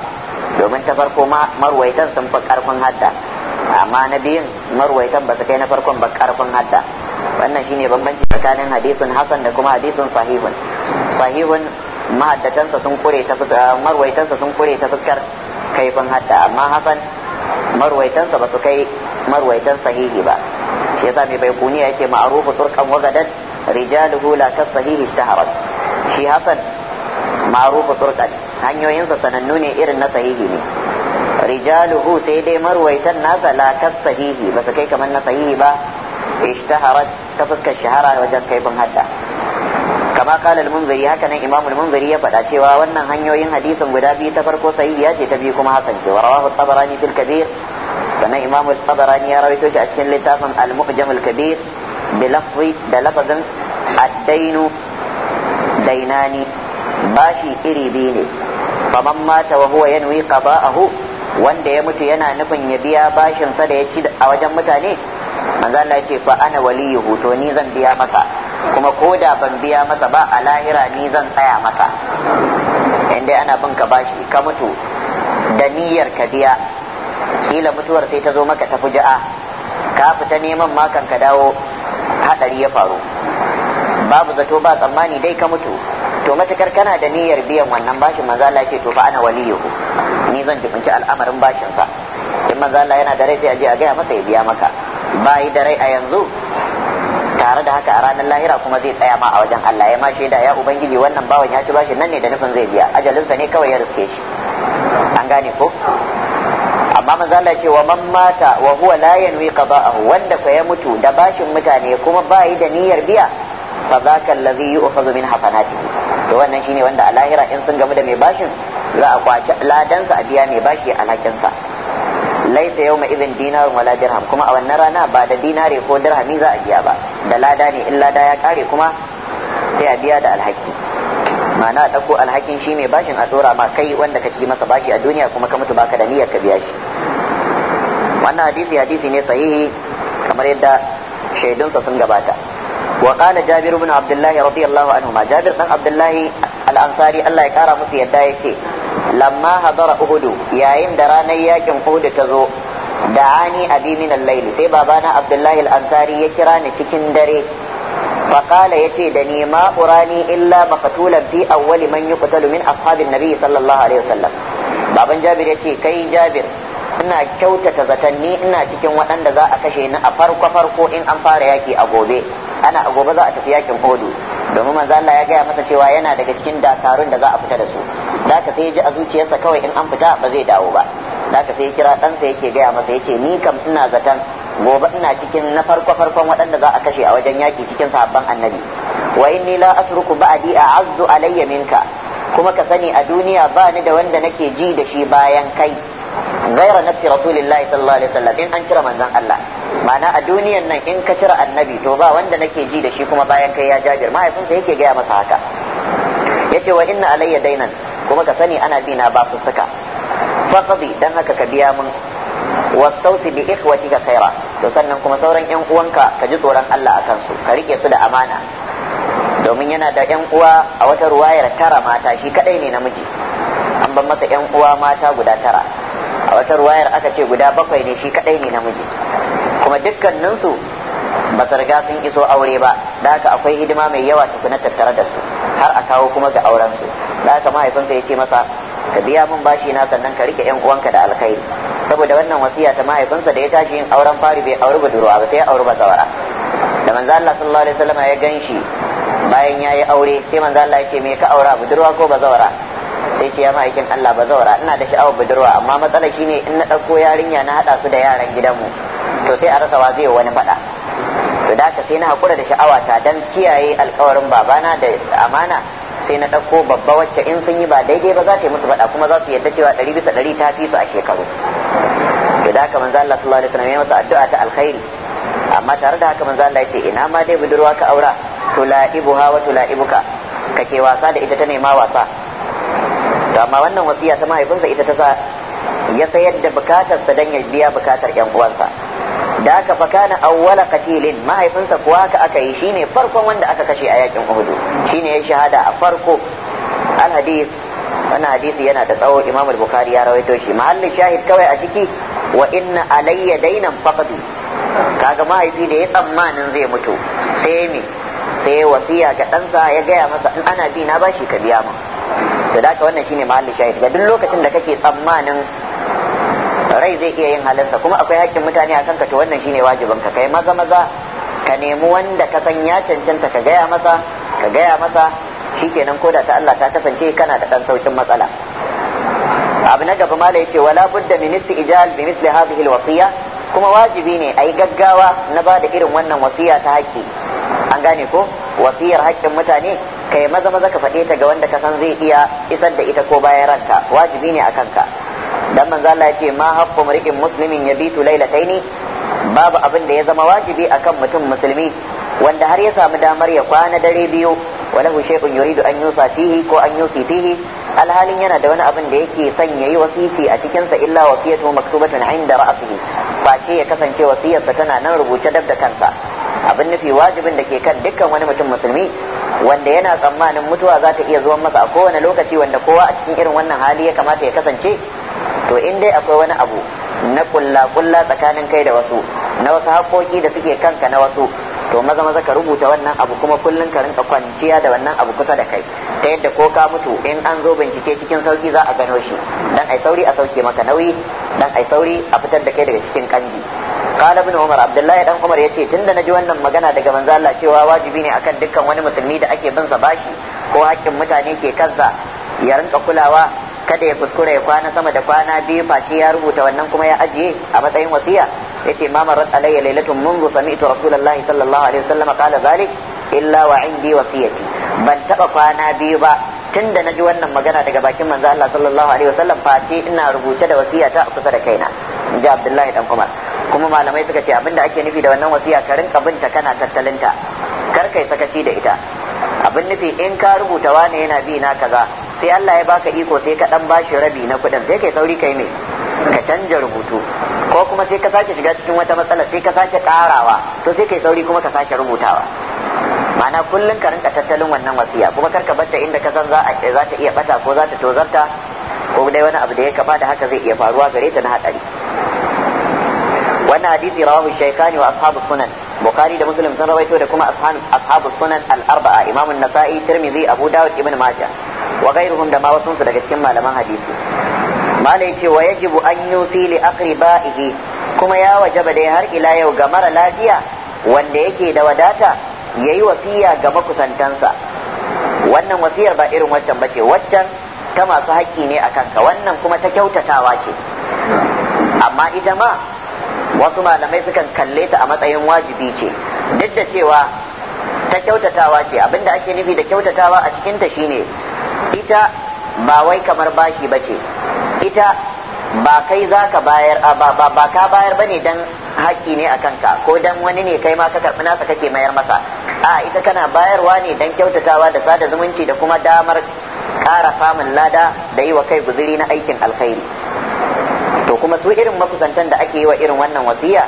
domin ta farko ma marwaitan sun fi karfin hadda amma na biyun marwaitan ba su kai na farkon ba karfin hadda wannan shine bambanci tsakanin hadisun hasan da kuma hadisun sahihun sahihun mahaddatansa sun kure ta ah, marwaitansa sun kure ta fuskar kaifin hadda amma hasan marwaitansa ba su kai marwaitan sahihi ba shi yasa mai baikuniya yace ma'rufu turkan wagadan rijaluhu la ta ishtaharat shi hasan ma'rufu turqan hanyoyinsa sanannu ne irin na sahihi ne rijaluhu sai dai marwaitan nasa la sahihi ba su kai kamar na sahihi ba ishtaharat ta fuskar shahara wajen kaifin hadda kama kala al hakanan haka nan ya faɗa cewa wannan hanyoyin hadisin guda biyu ta farko ya ce ta biyu kuma hasan ce wa rawahu tabarani sannan imamu tabarani ya rawaito shi a cikin littafin al-muqjam kabir bi da lafazin ad-dainu dainani bashi iri biyu ne faman mata wa huwa yanwi qada'ahu wanda ya mutu yana nufin ya biya bashin sa da ya ci a wajen mutane manzo Allah yake fa ana waliyuhu to ni zan biya masa kuma ko da ban biya masa ba a lahira ni zan tsaya masa inda ana bin ka bashi ka mutu da niyyar ka biya kila mutuwar sai ta zo maka ta fuja'a ka fita neman makan ka dawo hadari ya faru babu zato ba tsammani dai ka mutu to matakar kana da niyyar biyan wannan bashin manzo Allah ce to fa ana waliyuhu ni zan jibinci al'amarin bashin sa in manzo Allah yana da rai sai aje je a gaya masa ya biya maka bai da rai a yanzu tare da haka a ranar lahira kuma zai tsaya ma a wajen Allah ya ma shaida ya ubangiji wannan bawan ya ci bashin nan ne da nufin zai biya ajalinsa ne kawai ya riske shi an gane ko amma manzo Allah ce wa man mata wa huwa la yanwi qada'ahu wanda fa ya mutu da bashin mutane kuma bayi da niyyar biya fa zaka allazi yu'khadhu min hasanatihi to wannan shine wanda a lahira in sun gamu da mai bashin za a kwaci ladansa a biya mai bashi alhakinsa laisa yawma idin dinar wala dirham kuma a wannan rana ba da dinare ko dirhami za a biya ba da lada ne in lada ya kare kuma sai a biya da alhaki ma'ana a ɗauko alhakin shi mai bashin a ɗora ma kai wanda ka ci masa bashi a duniya kuma ka mutu baka da niyyar ka biya shi wannan hadisi hadisi ne sahihi kamar yadda shaidunsa sun gabata وقال جابر بن عبد الله رضي الله عنهما جابر بن عبد الله الأنصاري الله يكارى مسي يتايتي لما هضر أهد يا إن دراني ياكم أهد تزو دعاني أبي من الليل سي بابانا عبد الله الأنصاري يكراني تكن دري فقال يتي دني ما أراني إلا مقتولا في أول من يقتل من أصحاب النبي صلى الله عليه وسلم بابا جابر يتي كي جابر ina kyautata zatanni ina cikin waɗanda za a kashe ni a farko farko in an fara yaki a gobe ana a gobe za a tafi yakin Odu domin manzo Allah ya gaya masa cewa yana daga cikin dakarun da za a fita da su da ka sai ji a zuciyarsa kawai in an fita ba zai dawo ba da ka sai kira ɗansa yake gaya masa yace ni kam ina zatan gobe ina cikin na farko farkon waɗanda za a kashe a wajen yaki cikin sahabban annabi wa inni la asruku ba'di a'azzu alayya minka kuma ka sani a duniya ba ni da wanda nake ji da shi bayan kai gaira nafsi rasulillahi sallallahu alaihi wasallam in an cire manzon Allah ma'ana a duniyan nan in ka cire annabi to ba wanda nake ji da shi kuma bayan kai ya jajir mahaifinsa yake gaya masa haka yace wa inna alayya dainan kuma ka sani ana bi na ba su suka faqdi dan haka ka biya mun wastausi bi ka kaira. to sannan kuma sauran yan uwanka ka ji tsoron Allah akan su ka rike su da amana domin yana da yan uwa a wata ruwayar tara mata shi kadai ne namiji an ban masa yan uwa mata guda tara a wata ruwayar aka ce guda bakwai ne shi kadai ne namiji kuma dukkaninsu ba su riga sun iso aure ba da haka akwai hidima mai yawa tukuna tattare da su har a kawo kuma ga aurensu su da haka mahaifinsa ya ce masa ka biya min bashi na sannan ka rike yan uwanka da alkhairi saboda wannan wasiya ta mahaifinsa da ya tashi yin auren fari bai auri budurwa ba sai ya auri bazawara da manzo Allah sallallahu alaihi wasallam ya ganshi bayan yayi aure sai manzo Allah ya ce me ka aura budurwa ko bazawara sai ce ya ma'aikin Allah ba zaura ina da sha'awar budurwa amma matsala shine in na ɗauko yarinya na haɗa su da yaran gidanmu to sai a rasa zai wani faɗa to da haka sai na haƙura da sha'awa ta dan kiyaye alƙawarin babana da amana sai na ɗauko babba wacce in sun yi ba daidai ba za ta yi musu faɗa kuma za su yadda cewa ɗari bisa ɗari ta fi su a shekaru to da haka manzo Allah sallallahu alaihi wasallam ya masa addu'a ta alkhairi amma tare da haka manzo Allah ya ce ina ma dai budurwa ka aura ibuha wa ka kake wasa da ita ta nema wasa to amma wannan wasiya ta mahaifinsa ita ta sa ya sayar da bukatarsa don ya biya bukatar yan uwansa da aka fa kana awwala qatilin mahaifinsa kuwa ka aka yi shine farkon wanda aka kashe a yakin Uhud shine ya shahada a farko al hadith wannan hadisi yana da tsawo Imam bukhari ya rawaito shi mahallin shahid kawai a ciki wa inna alayya dainan faqdu kaga mahaifi da ya tsammanin zai mutu sai me sai wasiya ga ɗansa ya gaya masa in ana bi na bashi ka biya mu to da wannan shine mahalli shahid ga duk lokacin da kake tsammanin rai zai iya yin halinsa kuma akwai hakkin mutane a kanka to wannan shine wajibin ka kai maza maza ka nemi wanda ka san ya cancanta ka gaya masa ka gaya masa shi ko da ta Allah ta kasance kana da dan saukin matsala abu na gaba mala yace wala budda min istijal bi misli hadhihi alwasiya kuma wajibi ne ayi gaggawa na ba da irin wannan wasiya ta haƙƙi an gane ko wasiyar haƙƙin mutane kai maza maza ka faɗe ta ga wanda ka san zai iya isar da ita ko bayan ranta wajibi ne a kanka dan manzo Allah ya ce ma ya mar'in muslimin yabitu ne babu abin da ya zama wajibi akan mutum musulmi wanda har ya samu damar ya kwana dare biyu walahu shay'un yuridu an yusa fihi ko an yusi fihi alhalin yana da wani abin da yake son yayi wasici a cikin sa illa wasiyatu maktubatun inda ra'sihi ba ce ya kasance wasiyarsa tana nan rubuce dab da kansa abin nufi wajibin da ke kan dukkan wani mutum musulmi wanda yana tsammanin mutuwa za ta iya zuwa masa a kowane lokaci wanda kowa a cikin irin wannan hali ya kamata ya kasance to in dai akwai wani abu na kulla kulla tsakanin kai da wasu na wasu haƙoƙi da suke kanka na wasu to maza maza ka rubuta wannan abu kuma kullum ka rinka kwanciya da wannan abu kusa da kai ta yadda ko ka mutu in an zo bincike cikin sauki za a gano shi dan ai sauri a sauke maka nauyi dan ai sauri a fitar da kai daga cikin kanji qala ibn umar dan Umar umar yace tunda naji wannan magana daga manzo Allah cewa wajibi ne akan dukkan wani musulmi da ake bin sa bashi ko hakkin mutane ke kansa ya rinka kulawa kada ya kuskura ya kwana sama da kwana biyu face ya rubuta wannan kuma ya ajiye a matsayin wasiya yace ma marat alayya lailatun منذ سمعت رسول الله صلى illa wa indi wasiyati ban taba kwana biyu ba tun da na ji wannan magana daga bakin manzo Allah sallallahu alaihi wasallam face ina rubuce da wasiyata a kusa da kaina in ji Abdullahi dan Umar kuma malamai suka ce abinda ake nufi da wannan wasiya ka rinka binta kana tattalinta kar kai sakaci da ita abin nufi in ka rubuta wane yana bi na kaza sai Allah ya baka iko sai ka dan bashi rabi na kuɗin sai kai sauri kai me ka canja rubutu ko kuma sai ka sake shiga cikin wata matsala sai ka sake karawa to sai kai sauri kuma ka sake rubutawa ma'ana kullum ka rinka tattalin wannan wasiya kuma karka batta inda ka san za ta iya bata ko za ta tozarta ko dai wani abu da ya kama da haka zai iya faruwa gare ta na hadari wannan hadisi rawahu shaykhani wa ashabu sunan bukhari da muslim sun rawaito da kuma ashabu sunan al-arba'a imam an-nasa'i tirmidhi abu dawud ibn majah wa ghayruhum da ma wasu daga cikin malaman hadisi malai ce wa yajibu an yusi li aqribaihi kuma ya wajaba dai har ila yau ga mara lafiya wanda yake da wadata yayi wasiya ga makusantansa wannan wasiyar ba irin waccan bace waccan ta masu haƙƙi ne a kanka wannan kuma ta kyautatawa ce amma ita ma wasu malamai sukan kalle ta a matsayin wajibi ce duk da cewa ta kyautatawa ce abinda ake nufi da kyautatawa a cikinta shine ita ba wai kamar bashi bace ita ba kai za ka bayar ba ka bayar bane dan haƙƙi ne a kanka ko dan wani ne kai ma ka karɓi nasa kake mayar masa a ita kana bayarwa ne don kyautatawa da sada zumunci da kuma damar ƙara samun lada da yi wa kai guzuri na aikin alkhairi to kuma su irin makusantan da ake yi wa irin wannan wasiya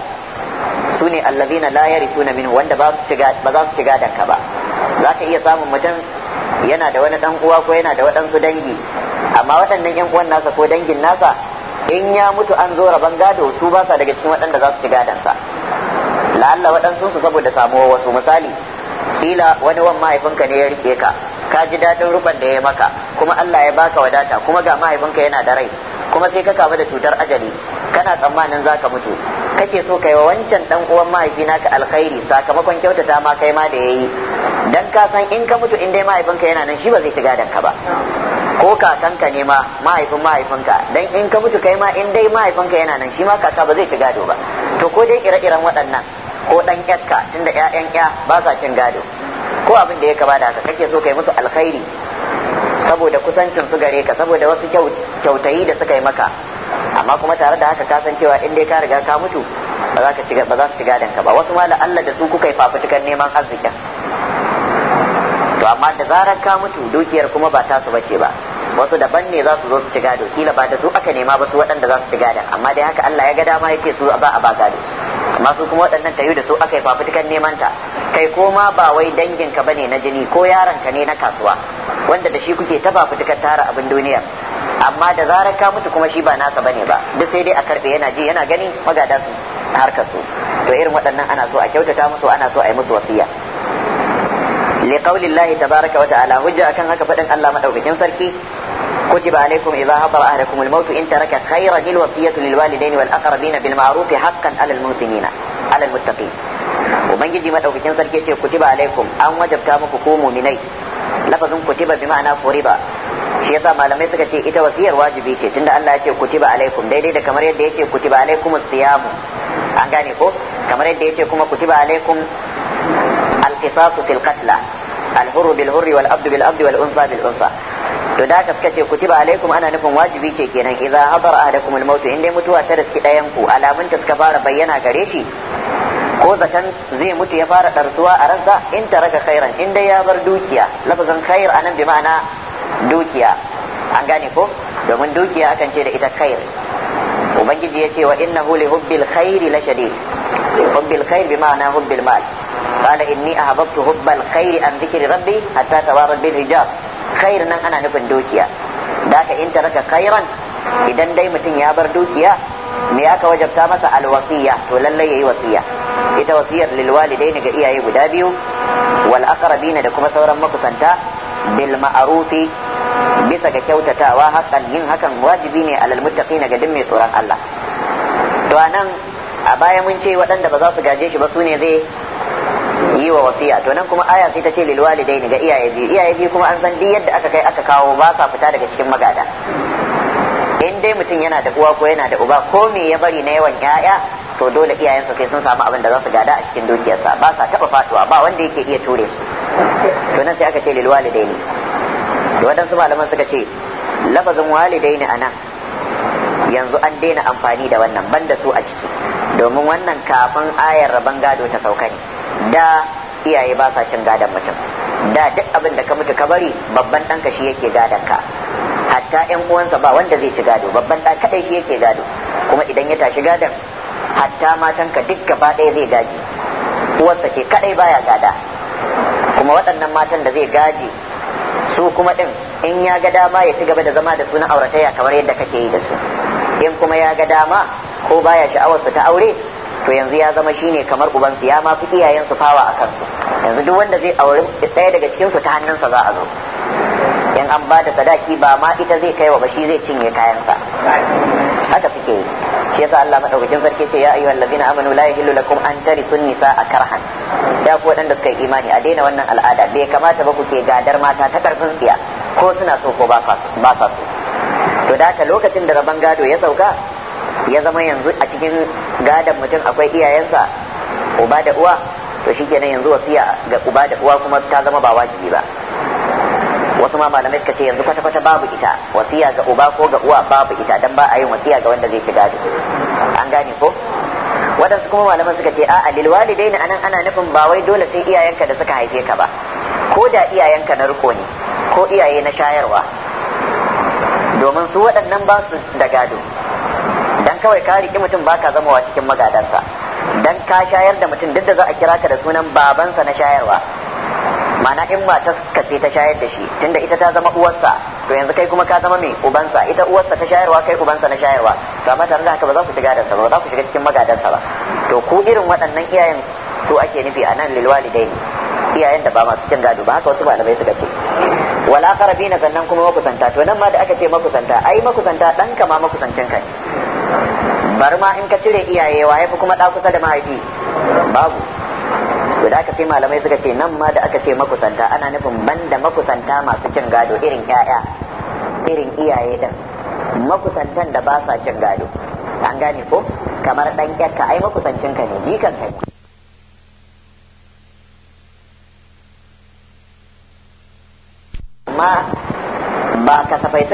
su ne allazina la yarithuna minhu wanda ba ba za su shiga ka ba za ka iya samun mutum yana da wani dan uwa ko yana da waɗansu dangi amma waɗannan yan uwan nasa ko dangin nasa in ya mutu an zo rabon gado su ba sa daga cikin waɗanda za su shiga sa. la'alla waɗansu su saboda samuwa wasu misali kila wani wan mahaifinka ne ya rike ka ka ji daɗin ruban da ya maka kuma Allah ya baka wadata kuma ga mahaifinka yana da rai kuma sai ka kamu da cutar ajali kana tsammanin za ka mutu kake so kai wa wancan dan uwan mahaifina ka alkhairi sakamakon kyautata ma kai ma da yayi dan ka san in ka mutu in dai mahaifinka yana nan shi ba zai shiga danka ba ko kakanka ne ma mahaifin mahaifinka dan in ka mutu kai ma in dai mahaifinka yana nan shi ma kaka ba zai shiga do ba to ko dai ire-iren waɗannan ko dan yakka tunda ƴaƴan ƴa ba sa cin gado ko abin da ya kaba da kake so kai musu alkhairi saboda kusancin su gare ka saboda wasu kyautayi da suka yi maka amma kuma tare da haka ka san cewa in dai ka riga ka mutu ba za ka ci ba za su ci gadon ka ba wasu ma Allah da su kuka yi fafutukan neman arzikin to amma da zarar ka mutu dukiyar kuma ba tasu bace ba wasu daban ne za su zo su ci gado kila ba da su aka nema ba su waɗanda za su ci gadon amma dai haka Allah ya ga dama yake su ba a ba gado amma kuma waɗannan tayu da su aka yi fafutukan neman ta kai ko ma ba wai dangin ka bane na jini ko yaron ka ne na kasuwa wanda da shi kuke ta fafutukan tara abin duniya amma da zarar ka mutu kuma shi ba nasa bane ba duk sai dai a karbe yana ji yana gani magada su harkar su to irin waɗannan ana so a kyautata musu ana so a yi musu wasiya li qaulillahi tabaraka wa ta'ala hujja akan haka fadin Allah madaukakin sarki كتب عليكم إذا حضر أهلكم الموت إن ترك خيرا الوصية للوالدين والأقربين بالمعروف حقا على المحسنين على المتقين ubangiji madaukakin sarki ce kutiba alaikum an wajabta muku ko muminai lafazin kutiba bi ma'ana furiba shi yasa malamai suka ce ita wasiyar wajibi ce tunda Allah ya ce kutiba alaikum daidai da kamar yadda yake kutiba alaikum siyamu an gane ko kamar yadda yake kuma kutiba alaikum alqisasu fil qatla الحر بالحر والعبد بالعبد والانثى بالانثى to da haka suka ce kutiba alaikum ana nufin wajibi ce kenan idza hadara ahadakum al-maut in dai mutuwa ta riski dayan ku alamun ta suka fara bayyana gare shi ko zaton zai mutu ya fara darsuwa a ransa in taraka khairan in dai ya bar dukiya lafazin khair anan bi ma'ana dukiya an gane ko domin dukiya akan ce da ita khair ubangiji ya ce wa innahu li hubbil khairi la shadid hubbil khair bi ma'ana hubbil mal قال إني أحببت حب الخير عن ذكر ربي حتى توارد hijab. khair nan ana nufin dukiya da ka in taraka khairan idan dai mutum ya bar dukiya me aka wajabta masa alwasiya to lallai yayi wasiya ita wasiyar lil walidain ga iyaye guda biyu wal aqrabina da kuma sauran makusanta bil ma'rufi bisa ga kyautatawa hakan yin hakan wajibi ne alal muttaqin ga duk mai tsoron Allah to anan a baya mun ce waɗanda ba za su gaje shi ba sune zai yi wa wasiya to nan kuma aya sai ta ce lil walidaini ga iyaye biyu iyaye biyu kuma an san duk yadda aka kai aka kawo ba sa fita daga cikin magada in dai mutum yana da uwa ko yana da uba ko me ya bari na yawan yaya to dole iyayensa sai sun samu abin da za su gada a cikin dukiyarsa ba sa taba faduwa ba wanda yake iya ture su to nan sai aka ce lil walidaini da wadansu malaman suka ce lafazin walidaini anan yanzu an daina amfani da wannan banda su a ciki domin wannan kafin ayar rabon gado ta sauka ne da iyaye ba sa cin gadon mutum da duk abin da ka mutu ka bari babban ɗanka shi yake gadon ka hatta yan uwansa ba wanda zai ci gado babban ɗa kadai shi yake gado kuma idan ya tashi gadon hatta matanka duk gaba ɗaya zai gaji uwarsa ce kadai baya gada kuma waɗannan matan da zai gaji su kuma ɗin in ya ga dama ya ci gaba da zama da su na auratayya kamar yadda kake yi da su in kuma ya ga dama ko baya sha'awar su ta aure to yanzu ya zama shine kamar ubansu ya ma fi iyayensu fawa a kansu yanzu duk wanda zai auri ɗaya daga cikinsu ta hannunsa za a zo in an ba da sadaki ba ma ita zai kai wa ba shi zai cinye kayansa haka suke yi shi yasa Allah madaukakin sarki ce ya ayyuhal ladina amanu la yahillu lakum an tarisu a karhan ya ku wadanda suka yi imani a daina wannan al'ada bai kamata ba ku ke gadar mata ta karfin tsiya ko suna so ko ba sa so to da haka lokacin da rabon gado ya sauka ya zama yanzu a cikin gadon mutum akwai iyayensa uba da uwa to shi kenan yanzu wasiya ga uba da uwa kuma ta zama ba wajibi ba wasu ma malamai suka ce yanzu kwata kwata babu ita wasiya ga uba ko ga uwa babu ita dan ba a yin wasiya ga wanda zai ci gado an gane ko waɗansu kuma malaman suka ce a'a lil walidain anan ana nufin ba wai dole sai iyayenka da suka haife ka ba ko da iyayenka na riko ne ko iyaye na shayarwa domin su waɗannan ba su da gado dan kawai ka riki mutum ba ka zamawa cikin magadansa dan ka shayar da mutum duk da za a kira ka da sunan babansa na shayarwa mana in matar ka ce ta shayar da shi tunda ita ta zama uwarsa to yanzu kai kuma ka zama mai ubansa ita uwarsa ta shayarwa kai ubansa na shayarwa to amma tare da haka ba za ku shiga gadansa ba za ku shiga cikin magadansa ba to ku irin waɗannan iyayen su ake nufi a nan lilwalidaini iyayen da ba masu cin gado ba haka wasu malamai suka ce wala qarabina sannan kuma makusanta to nan ma da aka ce makusanta ai makusanta dan ka ma makusancin kai. bari ma in ka cire iyaye wa yafi kuma ɗa kusa da mahaifi babu to da aka ce malamai suka ce nan ma da aka ce makusanta ana nufin banda makusanta masu cin gado irin yaya irin iyaye din makusantan da ba sa cin gado an gane ko kamar dan ka ai makusancinka ne jikan kai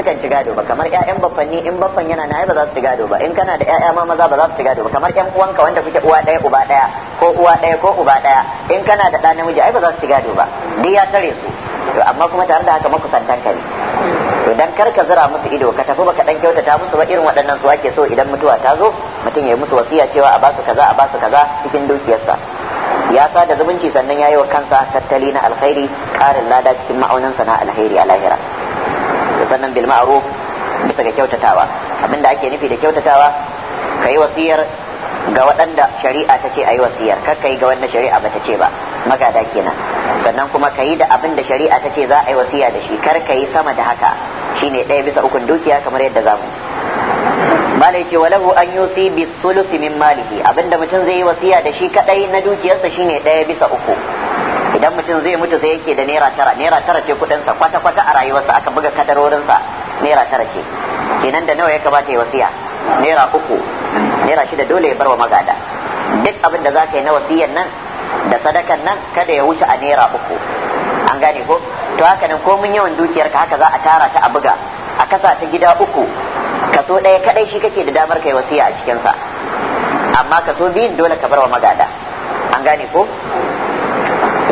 sukan ci gado ba kamar ƴaƴan baffanni in baffan yana na ba za su ci gado ba in kana da ƴaƴa ma maza ba za su ci gado ba kamar ƴan uwanka wanda kuke uwa ɗaya uba ɗaya ko uwa ɗaya ko uba ɗaya in kana da ɗa namiji ai ba za su ci gado ba ni ya tare su to amma kuma tare da haka makusantan ka ne to dan kar ka zira musu ido ka tafi baka dan kyautata musu ba irin waɗannan su ake so idan mutuwa ta zo mutum ya yi musu wasiya cewa a basu kaza a basu kaza cikin dukiyarsa ya sa da zumunci sannan ya yi wa kansa tattali na alkhairi ƙarin lada cikin ma'aunin na alkhairi a lahira sannan bil ma'ruf bisa ga kyautatawa abinda ake nufi da kyautatawa kai wasiyar ga waɗanda shari'a ta ce ayi wasiyar kar kai ga wanda shari'a ba ta ce ba magada kenan sannan kuma kai da abinda shari'a ta ce za a yi wasiya da shi kar kai sama da haka shine ɗaya bisa uku dukiya kamar yadda zamu mala yace walahu an yusi bi sulusi min malihi abinda mutum zai yi wasiya da shi kadai na dukiyarsa shine ɗaya bisa uku idan mutum zai mutu sai yake da naira tara naira tara ce kudinsa kwata kwata a rayuwarsa aka buga kadarorinsa naira tara ce kenan da nawa ya kamata ya wasiya naira uku naira shida dole ya barwa magada duk abin da zaka yi na wasiyan nan da sadakan nan kada ya wuce a naira uku an gane ko to haka nan ko mun yawan dukiyarka haka za a tara ta a buga a kasa ta gida uku kaso ɗaya kadai shi kake da damar kai wasiya a cikinsa amma kaso biyun dole ka barwa magada an gane ko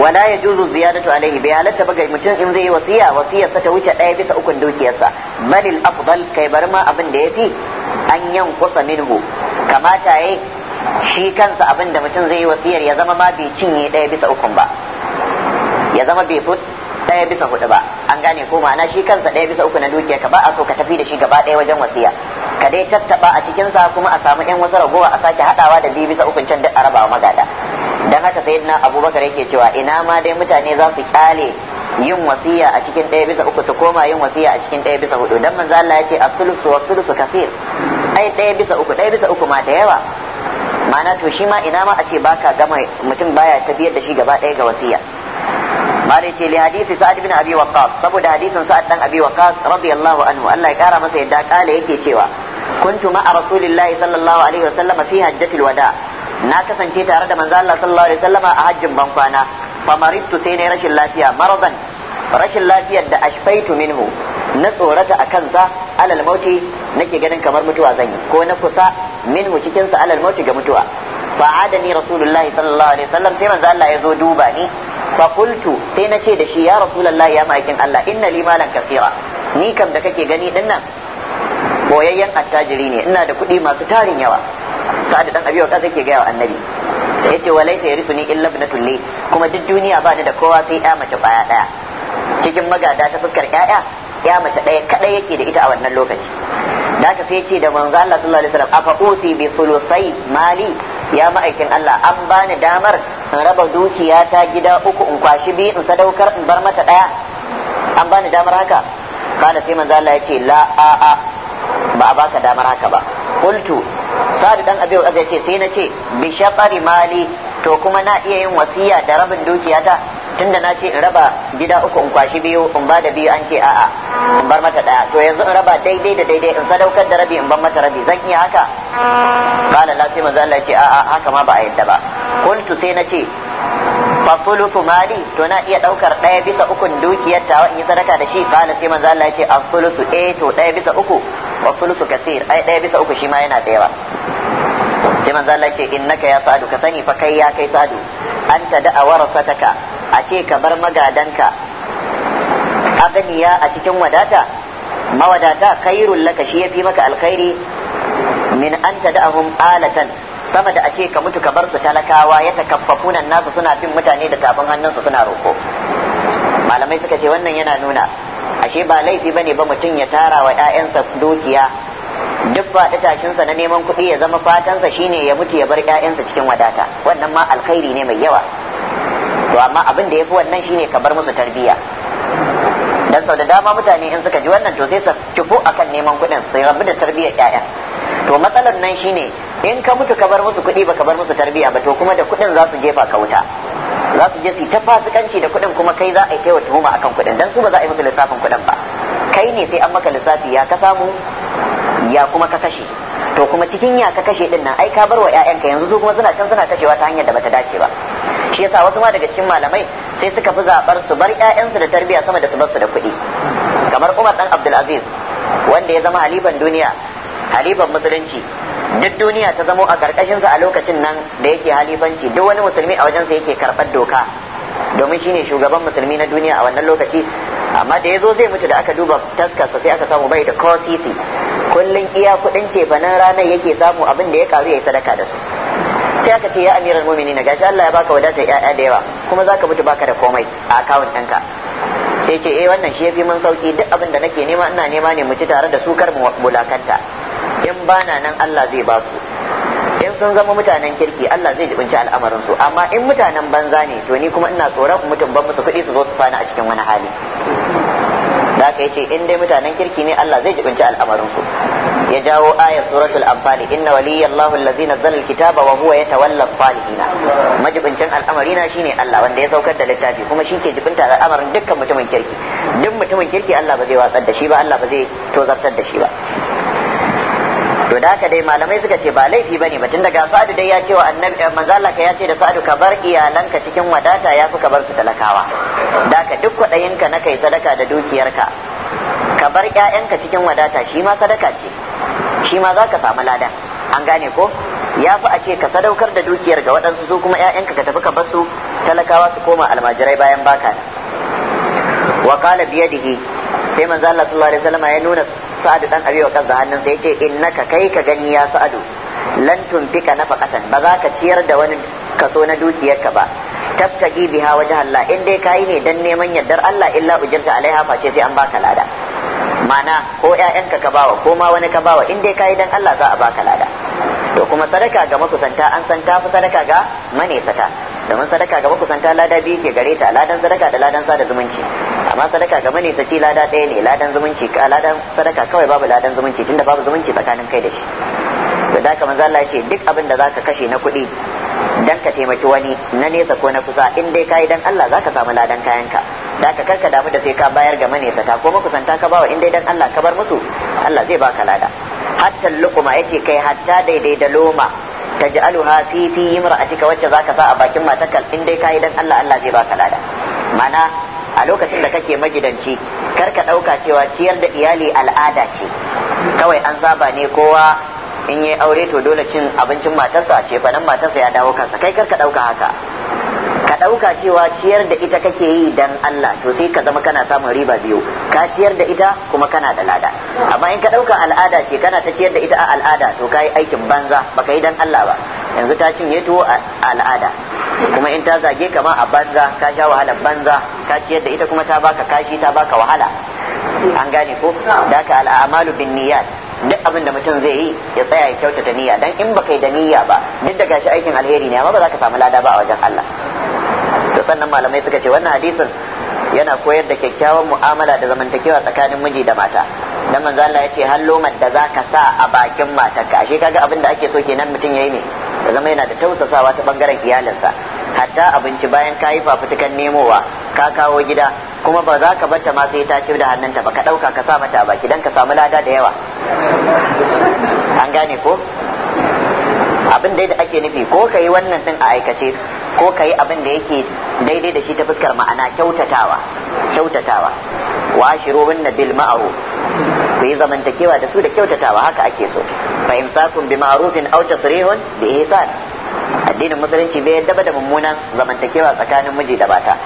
wala ya juzu ziyadatu alaihi bai halatta ba ga mutum in zai yi wasiya wasiyarsa ta wuce ɗaya bisa ukun dukiyarsa balil afdal kai bar ma abin da yafi an yan kusa minhu kamata yayi shi kansa abin da mutum zai yi wasiyar ya zama ma bai cinye ɗaya bisa ukun ba ya zama bai fut ɗaya bisa hudu ba an gane ko ma'ana shi kansa ɗaya bisa ukun na dukiya ka ba a so ka tafi da shi gaba ɗaya wajen wasiya ka dai tattaba a cikin sa kuma a samu ɗan wasu ragowa a sake haɗawa da biyu bisa ukun can duk arabawa magada dan haka sayyidina abubakar yake cewa ina ma dai mutane za su kyale yin wasiya a cikin ɗaya bisa uku su koma yin wasiya a cikin ɗaya bisa hudu dan manzo Allah yace as-sulusu wa sulusu kafir ai ɗaya bisa uku ɗaya bisa uku ma da yawa ma'ana to shi ma ina ma a ce baka gama mutum baya tafiyar da shi gaba ɗaya ga wasiya mare ce li hadisi sa'ad bin abi waqqas saboda hadisin sa'ad dan abi waqqas radiyallahu anhu Allah ya kara masa yadda kale yake cewa kuntu a rasulillahi sallallahu alaihi wasallam fi hajjatil wada' na kasance tare da manzo Allah sallallahu alaihi wasallama a hajjin ban kwana famaritu sai ne rashin lafiya maradan rashin lafiyar da ashfaitu minhu na tsorata a kansa alal mauti nake ganin kamar mutuwa zan yi ko na kusa minhu cikin sa alal mauti ga mutuwa fa adani rasulullahi sallallahu alaihi wasallam sai manzo Allah ya zo duba ni fa qultu sai na ce da shi ya rasulullahi ya ma'aikin Allah inna li malan kasira ni kam da kake gani dinnan boyayyen attajiri ne ina da kuɗi masu tarin yawa sa'ad dan abi waqas yake ga annabi yace walaysa yarithuni illa ibnatul li kuma duk duniya ba ni da kowa sai ya mace baya daya cikin magada ta fuskar yaya ya mace daya kadai yake da ita a wannan lokaci da haka sai yace da manzo Allah sallallahu alaihi wasallam afa usi bi thulusai mali ya ma'aikin Allah an bani damar in raba dukiya ta gida uku in kwashi biyu in sadaukar in bar mata daya an bani damar haka kana sai manzo Allah yace la a a ba a baka damar haka ba kultu sadu dan abi ya ce sai na ce bi mali to kuma na iya yin wasiya da rabin dukiyata tunda na ce in raba gida uku in kwashi biyu in ba da biyu an ce a'a in bar mata daya to yanzu in raba daidai da daidai in sadaukar da rabi in bar mata rabi zan iya haka qala la sai manzo Allah ya ce a'a haka ma ba a yadda ba kuntu sai na ce fa thuluthu mali to na iya daukar daya bisa ukun dukiyar ta in yi sadaka da shi qala sai manzo Allah ya ce as eh to daya bisa uku wa thuluthu kaseer ai daya bisa uku shi ma yana da yawa sai manzo Allah ya ce innaka ya sadu ka sani fa kai ya kai sadu anta da'a warasataka a ce ka bar magadanka aganiya a cikin wadata mawadata khairul laka shi yafi maka alkhairi min an tad'ahum alatan sama da a ce ka mutu ka bar su talakawa ya takaffafuna nasu suna fin mutane da tafin hannunsu suna roko malamai suka ce wannan yana nuna ashe ba laifi bane ba mutum ya tara wa 'ya'yansa dukiya duk faɗi tashinsa na neman kuɗi ya zama fatansa shine ya mutu ya bar 'ya'yansa cikin wadata wannan ma alkhairi ne mai yawa to amma abin da yafi wannan shine ka bar musu tarbiyya dan sau da dama mutane in suka ji wannan to sai su kifo akan neman kuɗin sai rabu da tarbiyar ƴaƴan to matsalar nan shine in ka mutu ka bar musu kuɗi ka bar musu tarbiyya ba to kuma da kuɗin za su jefa ka wuta za su je su ta fasikanci da kuɗin kuma kai za a yi kaiwa tuhuma akan kuɗin dan su ba za a yi musu lissafin kuɗin ba kai ne sai an maka lissafi ya ka samu ya kuma ka kashe to kuma cikin ya ka kashe din nan ai ka bar wa ƴaƴanka yanzu su kuma suna can suna kashewa ta hanyar da bata dace ba shi yasa wasu ma daga cikin malamai sai suka fi zabar su bar ƴaƴansu da tarbiya sama da su bar su da kuɗi kamar Umar dan Abdul Aziz wanda ya zama haliban duniya haliban musulunci duk duniya ta zamo a karkashin sa a lokacin nan da yake halifanci duk wani musulmi a wajen wajensa yake karɓar doka domin shine shugaban musulmi na duniya a wannan lokaci amma da ya zo zai mutu da aka duba taskarsa sai aka samu bai da ko sisi kullum iya kuɗin cefanen ranar yake samu abin da ya karu ya yi sadaka da su sai aka ce ya amiral mu'minin gashi Allah ya baka wadatar ƴaƴa da yawa kuma zaka mutu baka da komai a account ɗinka sai ce eh wannan shi yafi mun sauki duk abin da nake nema ina nema ne mu ci tare da su kar mu bulakanta in bana nan Allah zai ba su in sun zama mutanen kirki Allah zai jibinci al'amarin su amma in mutanen banza ne to ni kuma ina tsoron mutum ban musu kuɗi su zo su sani a cikin wani hali da haka yace in dai mutanen kirki ne Allah zai jibinci al'amarin su ya jawo ayat suratul anfal inna waliyallahu allazi nazzala alkitaba wa huwa yatawalla salihin majibincin al'amari na shine Allah wanda ya saukar da littafi kuma shi ke jibinta al'amarin dukkan mutumin kirki duk mutumin kirki Allah ba zai watsar da shi ba Allah ba zai tozartar da shi ba to da haka dai malamai suka ce ba laifi bane ba tun daga sa'adu dai ya ce wa annabi eh, manzo Allah ya ce da sa'adu ka bar iyalanka cikin wadata ya fi ka bar su talakawa da haka duk kwaɗayinka na kai sadaka da dukiyarka ka bar ƴaƴanka cikin wadata shi ma sadaka ce shi ma za ka samu lada an gane ko ya fi a ce ka sadaukar da dukiyar ga waɗansu su kuma ƴaƴanka ka tafi ka bar su talakawa su koma almajirai bayan baka wa qala biyadihi sai manzo Allah sallallahu alaihi wasallam ya nuna sa'ad dan abi waqas da hannunsa yace innaka kai ka gani ya sa'adu lan tunfika nafaqatan ba za ka ciyar da wani kaso na dukiyarka ba tabtagi biha wajh Allah in dai kai ne dan neman yardar Allah illa ujirta alaiha ce sai an baka lada mana ko ƴaƴanka ka bawa ko ma wani ka bawa in dai kai dan Allah za a baka lada to kuma sadaka ga makusanta an san fi sadaka ga manesata domin sadaka ga kusanta lada biyu ke gare ta ladan sadaka da ladan sada zumunci amma sadaka ga ne saci lada ɗaya ne ladan zumunci ka ladan sadaka kawai babu ladan zumunci tunda babu zumunci tsakanin kai da shi to da haka manzo Allah ce duk abin da zaka kashe na kuɗi dan ka taimaki wani na nesa ko na kusa in dai kai dan Allah zaka samu ladan kayanka da ka karka damu da sai ka bayar ga ta ko makusanta ka bawa in dai dan Allah ka bar musu Allah zai baka lada hatta luquma yace kai hatta daidai da loma taj'aluha fi fi imra'atika wacce zaka sa a bakin matarka in dai kai dan Allah Allah zai baka lada mana a lokacin da kake magidanci kar ka dauka cewa ciyar da iyali al'ada ce kawai an saba ne kowa in yi aure to dole cin abincin matarsa ce fa nan matarsa ya dawo kansa kai kar ka dauka haka ka ɗauka cewa ciyar da ita kake yi dan Allah to sai ka zama kana samun riba biyu ka ciyar da ita kuma kana da lada amma in ka ɗauka al'ada ce kana ta ciyar da ita a al'ada to ka aikin banza baka yi dan Allah ba yanzu ta cinye tuwo a al'ada kuma in ta zage ka ma a banza ka sha wahalar banza ka ciyar da ita kuma ta baka kashi ta baka wahala an gane ko da ka al'amalu bin niyyat duk abin da mutum zai yi ya tsaya ya kyautata niyya dan in baka yi da niyya ba duk da gashi aikin alheri ne amma ba za ka samu lada ba a wajen Allah da sannan malamai suka ce wannan hadisin yana koyar da kyakkyawan mu'amala da zamantakewa tsakanin miji da mata dan manzo Allah yace hallomar da zaka sa a bakin matarka ashe kaga abin da ake so kenan mutum yayi ne da zama yana da tausasawa ta bangaren iyalinsa hatta abinci bayan kayi fafutukan nemowa ka kawo gida kuma ba za ka bata ma sai ta ci da hannunta ba ka dauka ka sa mata a baki dan ka samu lada da yawa an gane ko abin dai da ake nufi ko ka yi wannan din a aikace ko ka yi abin da yake daidai da shi ta fuskar ma'ana kyautatawa kyautatawa wa na bil ma'aru ku yi zamantakewa da su da kyautatawa haka ake so fa bi maarufin aw tasrihun bi ihsan addinin musulunci bai yadda da mummunan zamantakewa tsakanin miji da mata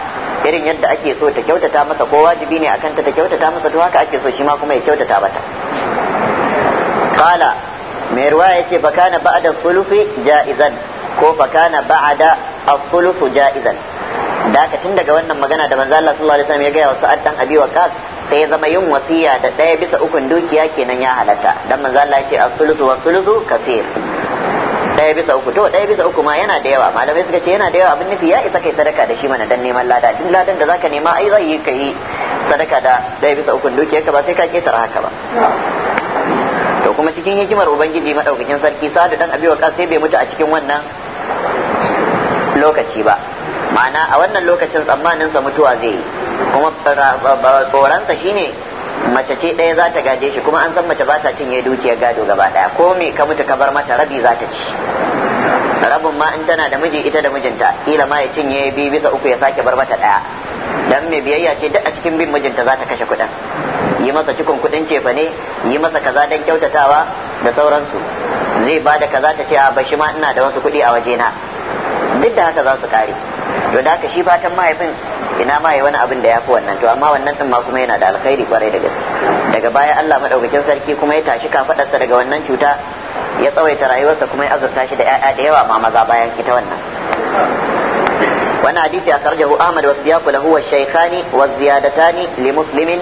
irin yadda ake so ta kyautata masa ko wajibi ne akan ta ta kyautata masa to haka ake so shi ma kuma ya kyautata mata qala mai ruwa yace fa kana ba'da sulufi ja'izan ko fa kana ba'da Afulufu ja'izan da haka tun daga wannan magana da manzo Allah sallallahu alaihi wasallam ya gaya wa Sa'ad dan Abi Waqqas sai ya zama yin wasiya da ɗaya bisa ukun dukiya kenan ya halatta dan manzo Allah yake ce as-sulusu was-sulusu kaseer ɗaya bisa uku to ɗaya bisa uku ma yana da yawa malamai suka ce yana da yawa abin nufi ya isa kai sadaka da shi mana dan neman lada duk ladan da zaka nema ai zai yi kai sadaka da ɗaya bisa ukun dukiya ka ba sai ka ketara haka ba to kuma cikin hikimar ubangiji madaukakin sarki Sa'ad dan abi waqas sai bai mutu a cikin wannan lokaci ba ma'ana a wannan lokacin tsammanin sa mutuwa zai yi kuma tsoronsa shine mace ce ɗaya za ta gaje shi kuma an san mace ba ta cinye dukiyar gado gaba ɗaya ko me ka mutu ka bar mata rabi za ta ci rabin ma in tana da miji ita da mijinta kila ma ya cinye biyu bisa uku ya sake bar mata ɗaya dan me biyayya ce duk a cikin bin mijinta za ta kashe kuɗin yi masa cikon kuɗin cefa ne yi masa kaza dan kyautatawa da sauransu zai ba da kaza ta ce a bashi ma ina da wasu kuɗi a waje na. duk da haka za su kare to da haka shi fatan mahaifin ina ma yi wani abin da ya fi wannan to amma wannan din ma kuma yana da alkhairi kwarai da gaske daga baya Allah madaukakin sarki kuma ya tashi kafadarsa daga wannan cuta ya tsawaita rayuwarsa kuma ya azurta shi da ƴaƴa da yawa ma maza bayan ita wannan wannan hadisi a karjahu Ahmad wa Siyaku lahu wa Shaykhani wa Ziyadatani li Muslimin